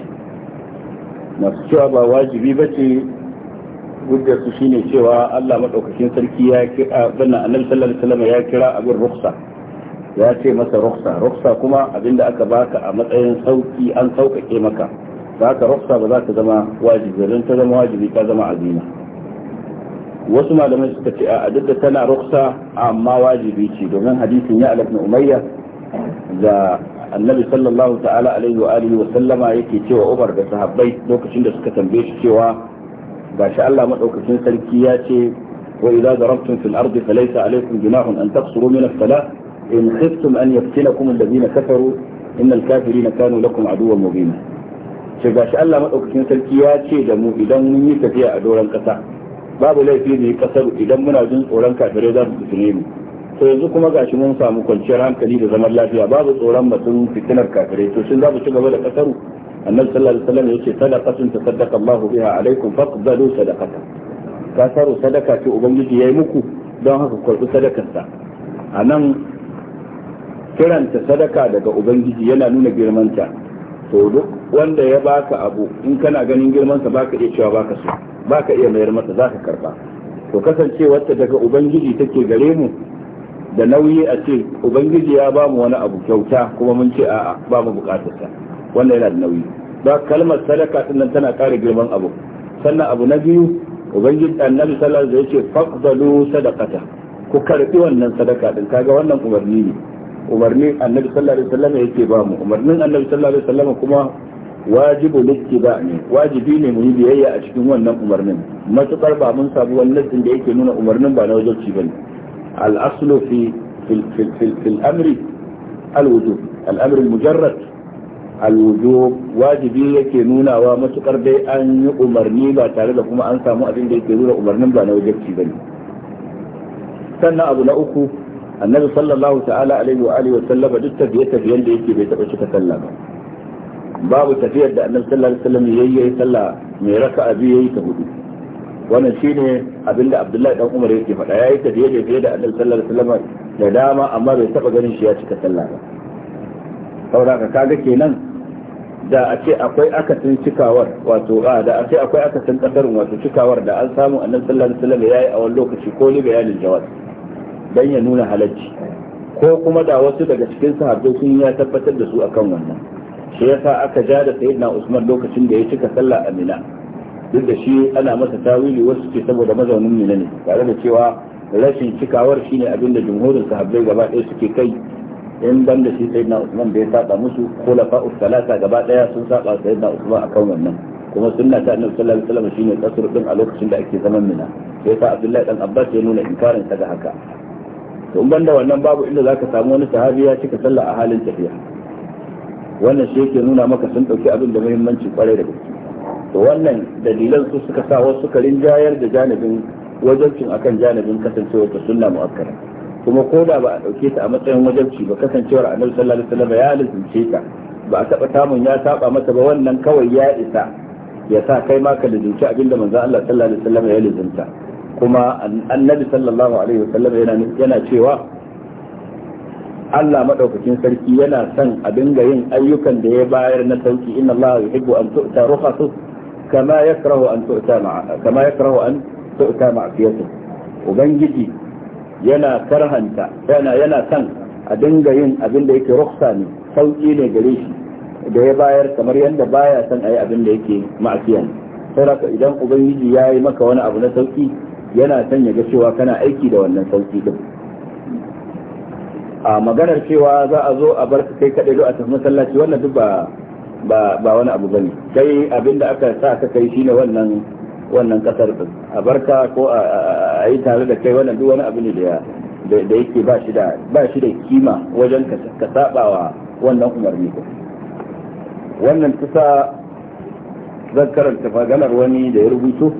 Speaker 1: masu cewa ba wajibi ba ce gudda su shine cewa Allah madaukakin sarki ya kira bana annabi sallallahu alaihi wasallam ya kira abin ruksa ya ce masa ruksa ruksa kuma abinda aka baka a matsayin sauki an sauƙaƙe maka da haka rufsa ba za ta zama wajibi don ta zama wajibi ta zama azima wasu malamai suka ce a duk da tana ruksa amma wajibi ce domin hadisin ya alaf na umayya da annabi sallallahu ta'ala alaihi wa alihi wa sallama yake cewa umar da sahabbai lokacin da suka tambaye shi cewa gashi Allah madaukakin sarki ya ce wa idza darabtum fil ardi falaysa alaykum junahun an taqsuru min as-salah in khiftum an yaftinakum alladhina kafaru innal kafirina kanu lakum aduwwan mubina ce gashi Allah maɗaukakin sarki ya ce da mu idan mun yi tafiya a doron kasa babu laifi ne kasar idan muna jin tsoron kafirai za su fitine mu to yanzu kuma gashi mun samu kwanciyar hankali da zaman lafiya babu tsoron batun fitinar kafirai to shin za mu ci gaba da kasar annabi sallallahu alaihi wasallam yace sadaqatun tasaddaqa Allahu biha alaikum faqbalu sadaqata kasaru sadaka ce ubangiji yayi muku don haka karbi sadakarsa a nan kiranta sadaka daga ubangiji yana nuna girmanta to duk wanda ya baka abu in kana ganin girmansa baka iya cewa baka so baka iya mayar masa zaka karba to kasance wacce daga ubangiji take gare mu da nauyi a ce ubangiji ya bamu wani abu kyauta kuma mun ce a'a ba mu bukatarsa wannan yana da nauyi ba kalmar sadaka din tana kare girman abu sannan abu na biyu ubangiji annabi sallallahu alaihi wasallam ya ce faqdalu sadaqata ku karbi wannan sadaka din kaga wannan umarni ne umarni annabi sallallahu alaihi wasallam yake ba mu umarnin annabi sallallahu alaihi wasallam kuma wajibu littiba ne wajibi ne mu yi biyayya a cikin wannan umarnin matukar ba mun samu wannan da yake nuna umarnin ba na wajibci bane al aslu fi fil amri al wujub al amr al mujarrad al wujub wajibi yake nuna wa matukar dai an yi umarni ba tare da kuma an samu abin da yake nuna umarnin ba na ba ne sannan abu na uku annabi sallallahu ta'ala alaihi wa alihi wa sallama duk tafiye tafiyen da yake bai taba cika sallah ba babu tafiyar da annabi sallallahu alaihi wasallam yayi yayi sallah mai raka'a biyu yayi ta hudu wannan shine abinda Abdullahi dan Umar yake faɗa yayi tafiye tafiye da annabi sallallahu alaihi wasallam da dama amma bai taba ganin shi ya cika sallah ba saboda ka kaga kenan da a ce akwai akasin cikawar wato a da a ce akwai akasin kasarin wato cikawar da an samu annabi sallallahu alaihi wasallam yayi a wani lokaci ko ni bayanin jawab don ya nuna halacci ko kuma da wasu daga cikin sahabbai sun ya tabbatar da su akan wannan shi yasa aka ja da sayyidina Usman lokacin da ya cika sallah a Mina duk da shi ana masa tawili wasu ce saboda mazaunin Mina ne tare da cewa rashin cikawar shine abin da jumhurin sahabbai gaba ɗaya suke kai in ban da shi sayyidina Usman da ya saba musu khulafa salasa gaba ɗaya sun saba sayyidina Usman akan wannan kuma sunna ta annabi sallallahu alaihi wasallam shine kasur din a lokacin da ake zaman Mina sai sa Abdullahi dan Abbas ya nuna inkarin sa ga haka to ban da wannan babu inda zaka samu wani sahabi ya cika sallah a halin tafiya wannan shi yake nuna maka sun dauki abin da muhimmanci kwarai da gaske to wannan dalilan su suka sa wasu suka rinjayar da janibin wajabcin akan janibin kasancewar ta sunna mu'akkara kuma ko da ba a dauke ta a matsayin wajabci ba kasancewar annabi sallallahu alaihi wasallam ya lizince ta ba a taba samun ya saba mata ba wannan kawai ya isa ya sa kai ma ka lizinci abin da manzo Allah sallallahu alaihi wasallam ya lazimta kuma annabi sallallahu alaihi wasallam yana cewa Allah madaukakin sarki yana son a dinga yin ayyukan da ya bayar na sauki inna Allah yuhibbu an tu'ta rukhasu kama yakrahu an tu'ta ma'a kama yakrahu an tu'ta ma'siyatu ubangiji yana karhanta yana yana son a dinga yin abin da yake rukhsa ne sauki ne gare shi da ya bayar kamar yadda baya son ayi abin da yake ma'siyan saboda idan ubangiji yayi maka wani abu na sauki yana son ya ga cewa kana aiki da wannan sauki din a maganar cewa za a zo a bar kai kaɗai zo a tafi masallaci wannan duk ba ba wani abu bane kai abinda aka sa ka kai shine wannan wannan kasar din a barka ko a yi tare da kai wannan duk wani abu ne da da yake ba shi da ba shi da kima wajen ka sabawa wannan umarni ko wannan kusa zan karanta maganar wani da ya rubuto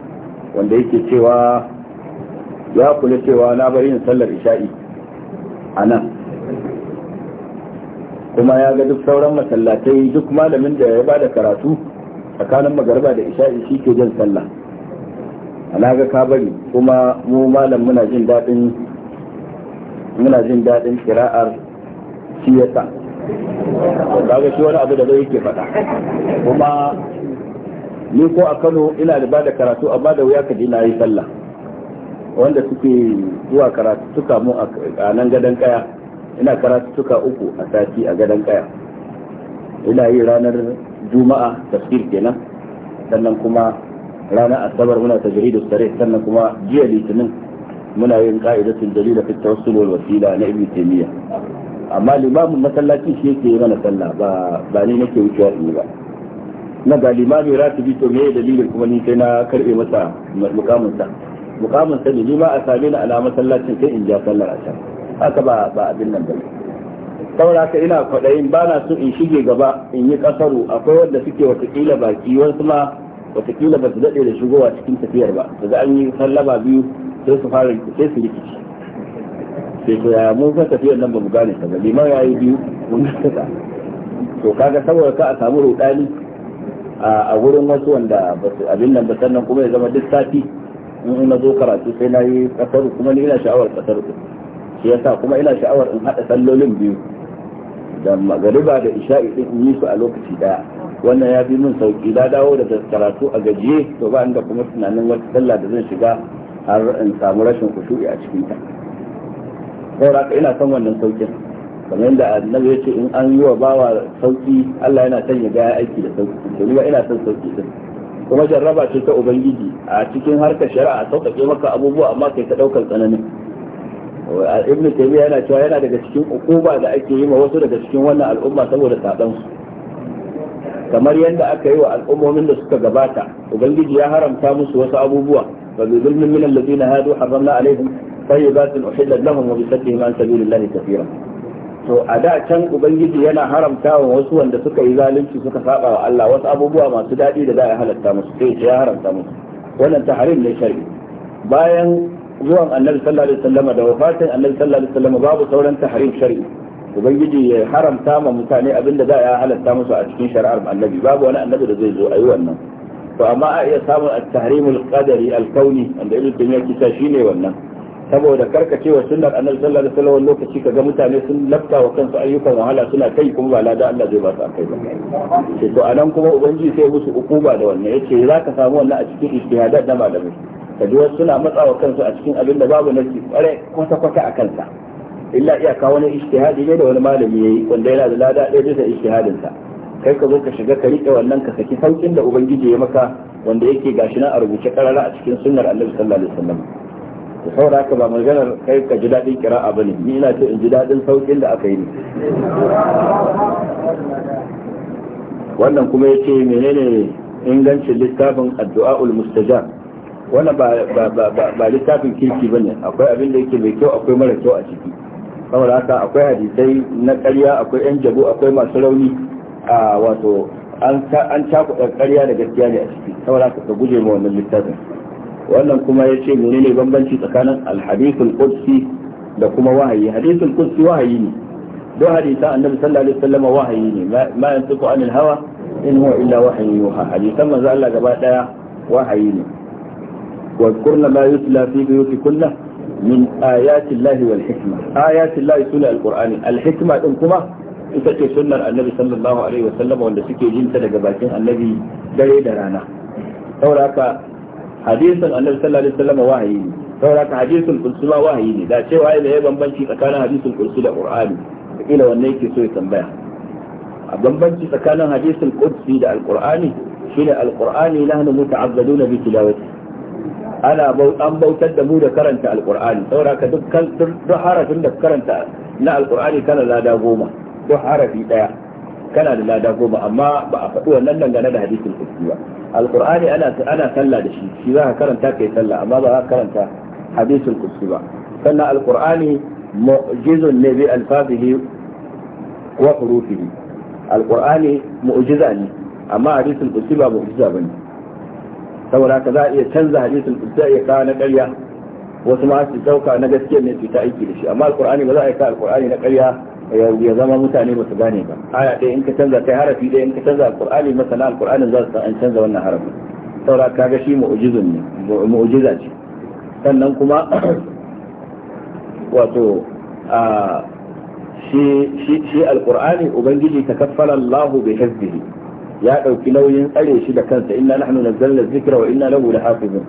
Speaker 1: wanda yake cewa ya kula cewa na bari yin sallar isha'i a nan kuma ya ga duk sauran masallatai duk malamin da ya ba da karatu tsakanin magarba da isha'i shi ke jan sallah ana ga ka bari kuma mu malam muna jin daɗin muna jin daɗin kira'ar shi ya sa ga shi wani abu da zai yake faɗa kuma ni ko a kano ina da ba da karatu amma da wuya ka ji na yi sallah wanda suke zuwa karatuttuka mu a nan gadon kaya ina karatuttuka uku a sati a gadon kaya ina yi ranar juma'a tafsir kenan sannan kuma ranar asabar muna tajridu sare sannan kuma jiya litinin muna yin ka'idatul dalil fi tawassul wal wasila na ibn taymiya amma limamin masallaci shi yake yi mana sallah ba ba ni nake wucewa in ba na ga limamin ratibi to me dalilin kuma ni sai na karbe masa mukamin mukamin sa da ba a same ni ala masallacin sai in ja sallar a can haka ba ba abin nan bane saboda haka ina kwaɗayin ba na so in shige gaba in yi kasaru akwai wanda suke watakila baki wasu ma watakila ba su daɗe da shigowa cikin tafiyar ba daga an yi sallama biyu sai su fara sai su rikici sai to yaya mun ga tafiyar nan ba mu gane ta ba liman ya yi biyu mun kasa to kaga saboda ka a samu rudani a wurin wasu wanda abin nan ba sannan kuma ya zama duk sati in na zo karatu sai na yi kasar kuma ni ina sha'awar kasar ku shi sa kuma ina sha'awar in haɗa sallolin biyu da magariba da isha'i ɗin in yi su a lokaci ɗaya wannan ya fi min sauki da dawo da karatu a gajiye to ba da kuma tunanin wata sallah da zan shiga har in samu rashin kushu'i a cikin ta saboda ina son wannan saukin kamar yadda annabi ya ce in an yi wa bawa sauki Allah yana son ya aiki da sauki to ni ba ina son sauki din kuma jarraba ce ta ubangiji a cikin harkar shari'a a sauƙaƙe maka abubuwa amma kai ta ɗaukar tsananin ibn taymiya yana cewa yana daga cikin ukuba da ake yi ma wasu daga cikin wannan al'umma saboda saɓan su kamar yadda aka yi wa al'ummomin da suka gabata ubangiji ya haramta musu wasu abubuwa fa bi zulmin min alladhina hadu harramna alaihim tayyibatin uhillat lahum wa bi saddihim an sabilillahi kathira to a da can ubangiji yana haramta wa wasu wanda suka yi zalunci suka saba wa Allah wasu abubuwa masu daɗi da za a halatta musu sai eh, ya haramta musu wannan harin ne shar'i bayan zuwan annabi sallallahu alaihi wasallam da wafatin annabi sallallahu alaihi wasallam babu sauran harin shar'i ubangiji ya haramta ma mutane abinda za a halatta musu a cikin shari'ar annabi babu wani annabi da zai zo a yi wannan to amma a iya samun at-tahrimul qadari al-kauni wanda ibnu taymiyyah kisa shine wannan saboda karkacewa sunnar annabi sallallahu alaihi wasallam lokaci kaga mutane sun lafta wa kansu ayyukan wahala suna kai kuma ba lada Allah zai ba su akai ba sai to anan kuma ubangiji sai musu ukuba da wannan yace za ka samu wannan a cikin ijtihadat na malamai kaji wasu suna matsa wa kansu a cikin abin da babu nasi kware kwata kwata a kansa illa iyaka wani ijtihadi ne da wani malami yayi wanda yana da lada ɗaya bisa ijtihadin sa kai ka zo ka shiga ka riƙe wannan ka saki saukin da ubangiji ya maka wanda yake gashi nan a rubuce karara a cikin sunnar annabi sallallahu alaihi wasallam ku saura ka ba maganar kai ka ji daɗin kira'a ba ne ni ina ce in ji daɗin saukin da aka yi ne wannan kuma ya ce menene ingancin littafin addu'a'ul mustajab wannan ba littafin kirki ba ne akwai abin da yake mai kyau akwai mara kyau a ciki saboda haka akwai hadisai na ƙarya akwai yan jabo akwai masu rauni a wato an cakuɗa ƙarya da gaskiya ne a ciki saboda haka ka guje ma wannan littafin wannan kuma ya ce menene bambanci tsakanin alhadithul qudsi da kuma wahayi hadithul qudsi wahayi ne do hadisa annabi sallallahu alaihi wasallam wahayi ne ma yantiqu anil hawa in huwa illa wahyu yuha hadisan manzo Allah gaba daya wahayi ne wa kurna ma yutla fi buyutikunna min ayati Allah wal hikma ayati Allah sura alqur'ani alhikma din kuma ita ce sunnar annabi sallallahu alaihi wasallam wanda suke jinta daga bakin annabi dare da rana saboda haka hadisin annabi sallallahu alaihi wasallam wahayi ne saboda ka hadisul qudsi wahayi ne da cewa ai da bambanci tsakanin hadisul qudsi da qur'ani kila wannan yake so ya tambaya a bambanci tsakanin hadisul qudsi da alqur'ani shine alqur'ani nahnu muta'azzaduna bi tilawati ana an bautar da mu da karanta alqur'ani saboda ka dukkan duk harafin da karanta na alqur'ani kana lada goma duk harafi daya kana da lada goma amma ba a faɗi wannan dangane da hadisin kuɗi ba alƙur'ani ana ana sallah da shi shi za ka karanta kai sallah amma ba za ka karanta hadisin kuɗi ba sannan alƙur'ani mu'jizun ne bi alfazihi wa hurufihi alƙur'ani mu'jiza ne amma hadisin kuɗi ba mu'jiza ne saboda ka za a iya canza hadisin a iya kawo na ƙarya wasu ma su dauka na gaskiya ne su ta aiki da shi amma alƙur'ani ba za a iya ka alƙur'ani na ƙarya ya zama mutane ba su gane ba aya ɗaya in ka canza kai harafi ɗaya in ka canza alƙur'ani masana alqur'anin za su an canza wannan harafi saura ga shi mu'jizun ne mu'jiza ce sannan kuma wato a shi shi shi alqur'ani ubangiji takaffala Allahu bi hizbihi ya dauki nauyin tsare shi da kansa inna nahnu nazzalna dhikra wa inna lahu lahafizun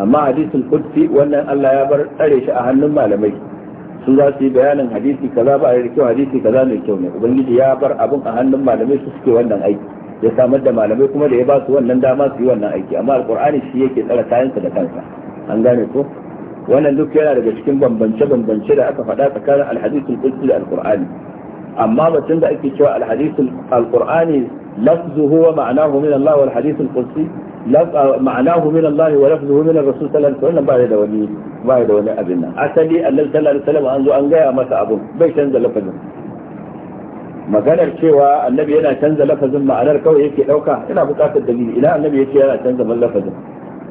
Speaker 1: amma hadisul qudsi wannan Allah ya bar tsare shi a hannun malamai su za su yi bayanin hadisi kaza ba a da kyau hadisi kaza mai kyau ne ubangiji ya bar abin a hannun malamai su suke wannan aiki ya samar da malamai kuma da ya ba su wannan dama su yi wannan aiki amma alkur'ani shi yake tsara kayansa da kansa an gane ko wannan duk yana daga cikin bambance bambance da aka faɗa tsakanin alhadisul qudsi da alkur'ani amma batun da ake cewa alhadisul alkur'ani lafzuhu wa ma'nahu min Allah wal hadisul qudsi ma'anahu min Allah wa lafzuhu min Rasul sallallahu alaihi wasallam ba da wani ba da wani abin nan asali Allah sallallahu alaihi wasallam an zo an gaya masa abun bai canza lafazin maganar cewa annabi yana canza lafazin ma'anar kawai yake dauka yana buƙatar dalili ina annabi yake yana canza man lafazin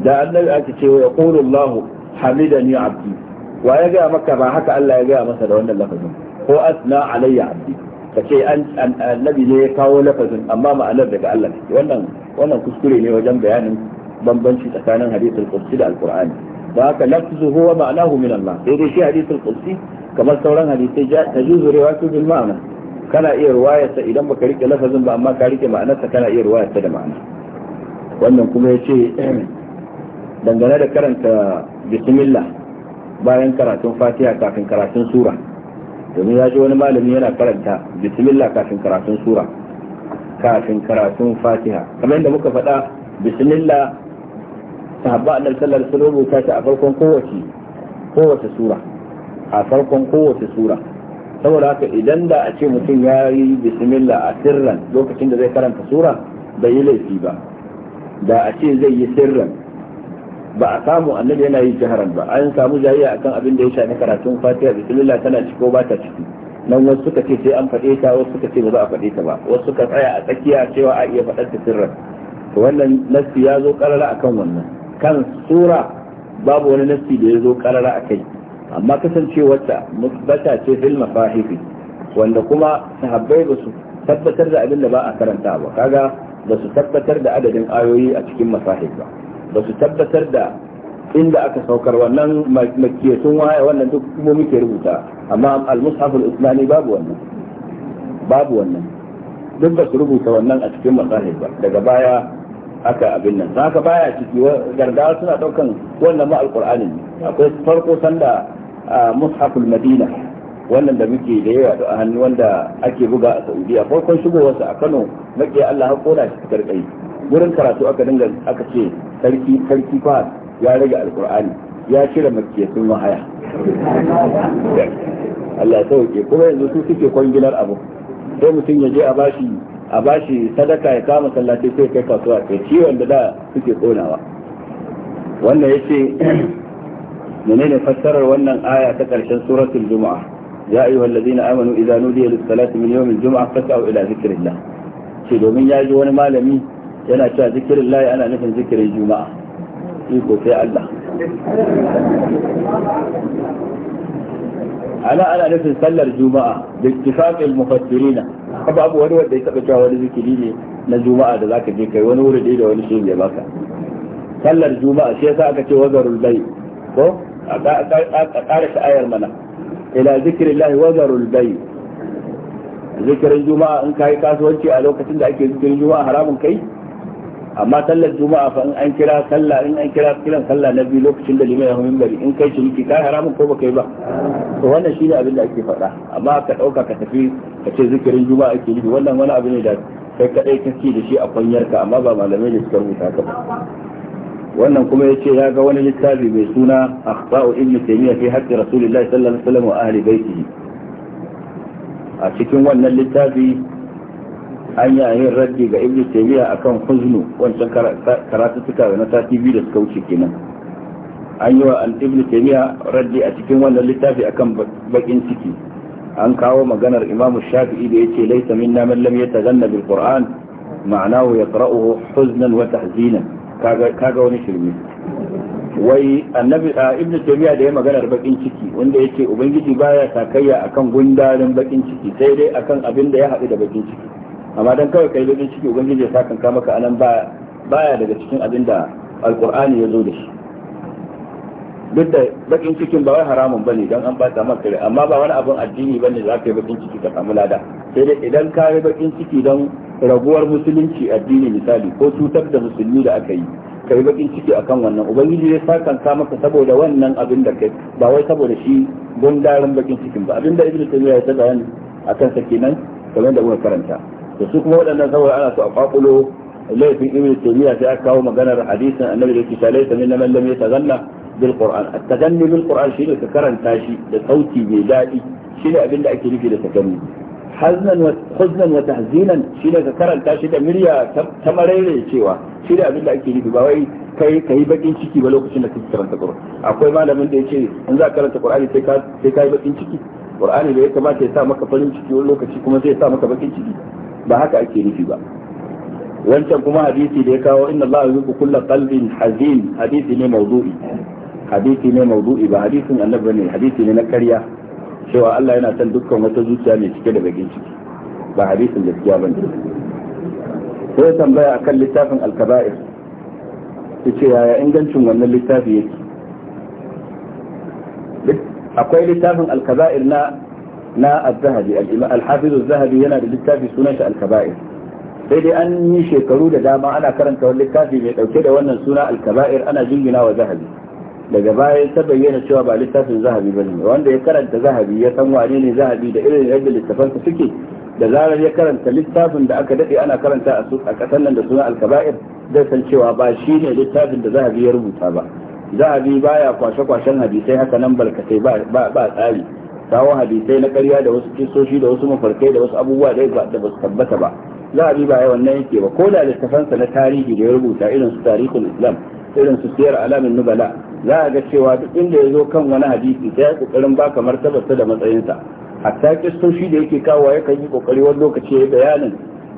Speaker 1: da annabi ake cewa ya qulu Allah hamidani abdi wa ya gaya maka ba haka Allah ya gaya masa da wannan lafazin ko asna alayya abdi ka ce annabi ne ya kawo lafazin amma ma'anar daga Allah ne wannan wannan kuskure ne wajen bayanin bambanci tsakanin hadisul qudsi da alqur'ani da haka lafzu huwa ma'anahu min Allah sai dai shi hadisul qudsi kamar sauran hadisai tajuzu riwayatu bil ma'ana kana iya riwayarsa idan baka rike lafazin ba amma ka rike ma'anarsa kana iya riwayarsa da ma'ana wannan kuma yace [clears throat] dangane da karanta bismillah bayan karatun fatiha kafin karatun sura domin ya ji wani malami yana karanta bismillah kafin karatun sura kafin karatun fatiha kamar yadda muka faɗa bismillah sahabba annal sallar sun rubuta ta a farkon kowace kowace sura a farkon kowace sura saboda haka idan da a ce mutum ya yi bismillah a sirran lokacin da zai karanta sura bai yi laifi ba da a ce zai yi sirran ba a samu annabi yana yi jiharan ba an samu jayayya akan abin da ya shafi karatun fatiha bismillah tana ciki ko ba ta ciki nan wasu suka ce sai an faɗe ta wasu suka ce ba za a faɗe ta ba wasu suka tsaya a tsakiya cewa a iya faɗar ta sirran to wannan nassi ya zo karara akan wannan kan sura babu wani nassi da ya zo karara akai amma kasancewarta musbata ce fil mafahifi wanda kuma sahabbai ba su tabbatar da abin da ba a karanta ba kaga ba su tabbatar da adadin ayoyi a cikin masahib ba ba su tabbatar da inda aka saukar wannan sun waya wannan duk mu muke rubuta amma al-mushaf al-islami babu wannan babu wannan duk ba su rubuta wannan a cikin masahib ba daga baya aka abin nan haka baya ciki garda suna daukan wannan ma al-qur'ani akwai farko sanda mushaf al-madina wannan da muke da yawa da hannu wanda ake buga a Saudiya farkon shigowarsa a Kano makiya Allah ha koda shi karkai gurin karatu aka dinga aka ce sarki sarki fa ya rage alkur'ani ya cire makiyatun wahaya Allah sauke kuma yanzu su suke kwangilar abu sai mutum ya je a bashi a bashi sadaka ya kama sallaci sai kai kasuwa kai ciwon da da suke konawa wannan yace [clears throat] menene fassarar wannan aya ta karshen suratul juma'a ya ayyuha allazina amanu idza nudiya lis-salati min yawmil jum'a fas'au ila dhikrillah ce domin ya ji wani malami yana cewa zikirin lahi ana nufin zikirin juma'a iko sai Allah ana ana nufin sallar juma'a da mufassirina babu wani wanda ya taba cewa wani zikiri ne na juma'a da zaka je kai wani wuri da wani baka sallar juma'a aka ce wazarul ko a ƙara ayar mana ila wazarul zikirin juma'a in kai kasuwanci a lokacin da ake zikirin juma'a haramun kai amma sallar juma'a fa in an kira sallah in an kira kiran sallah na biyu lokacin da limai ya hu minbari in kai ciniki ka haramun ko baka yi ba to wannan shine abin da ake faɗa amma ka ɗauka ka tafi ka ce zikirin juma'a ake yi wannan wani abu ne da kai kadai kake da shi a kwanyarka amma ba malamai da suka rubuta ka ba wannan kuma ya ce ya ga wani littafi mai suna akhba'u ibn taymiyyah fi haqqi rasulillahi sallallahu alaihi wa ahli baitihi a cikin wannan littafi hanya yin raddi ga ibnu taymiya akan huznu wancan karatuttuka na sati biyu da suka wuce kenan an yi wa ibnu taymiya raddi a cikin wannan littafi akan bakin ciki an kawo maganar imamu shafi'i da yace laysa minna man lam yataganna bil qur'an ma'anahu yaqra'uhu huznan wa tahzinan kaga kaga wani shirme wai annabi ibnu taymiya da ya maganar bakin ciki wanda yace ubangiji baya sakayya akan gundarin bakin ciki sai dai akan abin da ya haɗu da bakin ciki amma dan kawai kai bakin ciki ubangiji ya ka maka anan ba baya daga cikin abin da alqur'ani ya zo da shi duk da bakin cikin ba wai haramun bane dan an bata maka rai amma ba wani abun addini bane za ka yi bakin ciki ka samu lada sai dai idan ka yi bakin ciki dan raguwar musulunci addini misali ko cutar da musulmi da aka yi ka yi bakin ciki akan wannan ubangiji zai ka maka saboda wannan abin da kai ba wai saboda shi gundarin bakin cikin ba abin da ibnu taymiya ya ta bayani akan sa kenan kamar da muka karanta da su kuma waɗannan saboda ana so a kwakulo laifin ibn taymiya sai aka kawo maganar hadisin annabi da kisa laifin min man lam yatazanna bil qur'an at-tajanni bil qur'an shi ne ka karanta shi da sauti mai daɗi shi ne abinda ake nufi da tajanni haznan wa huznan wa tahzinan ne ka karanta shi da murya ta marere cewa shi ne abinda ake nufi ba wai kai kai bakin ciki ba lokacin da kake karanta qur'ani akwai malamin da yace in za ka karanta qur'ani sai ka sai kai bakin ciki qur'ani da ya kamata ya sa maka farin ciki wani lokaci kuma zai sa maka bakin ciki ba haka ake nufi ba wancan kuma hadisi da ya kawo inna Allah yuhibbu kulla qalbin hazin hadisi ne mawdu'i hadisi ne mawdu'i ba hadisin annabi bane hadisi ne na ƙarya cewa Allah yana son dukkan wata zuciya mai cike da bakin ciki ba hadisin gaskiya bane sai tambaya akan littafin al-kaba'ir yace yaya ingancin wannan littafi yake akwai littafin al-kaba'ir na na az-zahabi al-hafiz zahabi yana da littafi sunan shi al-kaba'ir sai dai an yi shekaru da dama ana karanta wani littafi mai dauke da wannan suna al-kaba'ir ana jingina wa zahabi daga baya ta bayyana cewa ba littafin zahabi ne wanda ya karanta zahabi ya san wane ne zahabi da irin yadda littafansa suke da zarar ya karanta littafin da aka dade ana karanta a kasan nan da suna al-kaba'ir zai san cewa ba shi ne littafin da zahabi ya rubuta ba zahabi baya kwashe-kwashen hadisai haka nan barkatai ba tsari kawo hadisai na ƙarya da wasu kisoshi da wasu mafarkai da wasu abubuwa da ba basu tabbata ba za a bi ba wannan yake ba ko da littafansa na tarihi da ya rubuta irin su tarihin islam irin su siyar alamin nubala za a ga cewa duk inda ya zo kan wani hadisi sai ya kokarin ba kamar tabbata da matsayinsa hatta kistoshi da yake kawo yakan yi kokari wani lokaci ya bayanin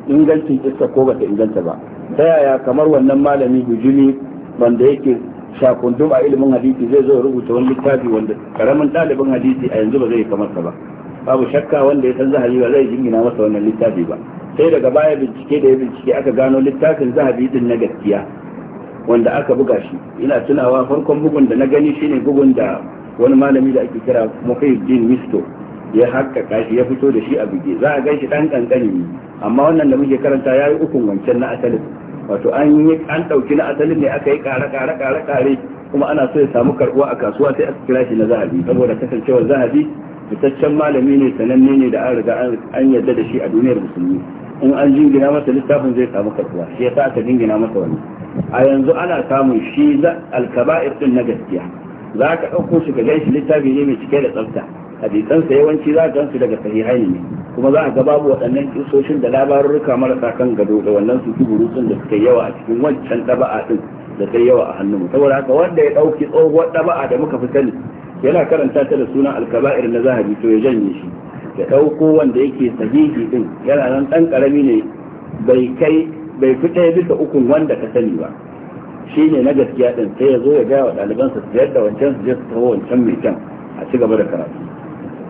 Speaker 1: ingancin iska ko bata inganta ba ta yaya kamar wannan malami bujimi wanda yake shakundum a ilimin hadisi zai zo rubuta wani littafi wanda karamin ɗalibin hadisi a yanzu ba zai kamar ba babu shakka wanda ya san zahabi ba zai jingina masa wannan littafi ba sai daga baya bincike da ya bincike aka gano littafin zahabi din na gaskiya wanda aka buga shi ina tunawa farkon bugun da na gani shine bugun da wani malami da ake kira Muhyiddin Misto ya haƙƙaƙa shi ya fito da shi a buge za a gan shi ɗan ƙanƙani amma wannan da muke karanta ya yi ukun wancan na asalin wato an ɗauki an na asalin ne aka yi kare kare kare kuma ana so ya samu karbuwa a kasuwa sai aka kira shi na zahabi saboda kasancewar zahabi fitaccen malami ne sananne ne da an riga an yarda da shi a duniyar musulmi in an jingina masa littafin zai samu karbuwa shi yasa aka jingina masa wani a yanzu ana samun shi alkaba'ir din na gaskiya za ka ɗauko shi ka gan shi littafi ne mai cike da tsafta hadisansa yawanci za ka su daga sahihai ne kuma za a ga babu waɗannan kisoshin da labarurruka marasa kan gado da wannan su burusun da suka yawa a cikin wancan ɗaba'a ɗin da sai yawa a hannunmu saboda haka wanda ya ɗauki tsohuwar ɗaba'a da muka fi sani yana karanta ta da sunan alkaba'ir na zahabi to ya janye shi ya ɗauko wanda yake sahihi ɗin yana nan ɗan ƙarami ne bai kai bai fi ɗaya bisa ukun wanda ka sani ba shi ne na gaskiya ɗin sai ya zo ya gaya wa ɗalibansa su yadda wancan su je su taho wancan mai kyan a ci gaba da karatu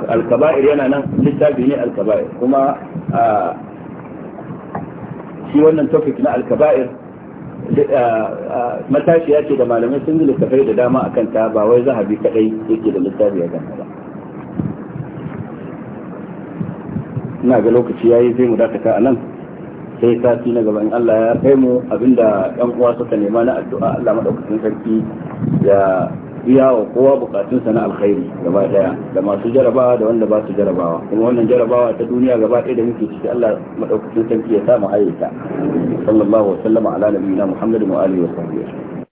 Speaker 1: alkaba'ir yana nan littafi ne alkaba'ir kuma shi wannan topic na alkaba'ir matashi ya ce da malamai sun yi littafai da dama a kanta ba wai zahabi kadai yake da littafi a kanta ba ina ga lokaci yayi zai mu dakata a nan sai sati na gaban Allah ya kai mu abinda yan uwa suka nema na addu'a Allah madaukakin sarki ya biya wa kowa bukatunsa na alkhairi gaba daya da masu jarabawa da wanda ba su jarabawa kuma wannan jarabawa ta duniya gaba daya da muke ciki Allah madaukakin sarki ya sa mu ayyuka sallallahu alaihi wa sallama ala nabiyina muhammadin wa alihi wa sahbihi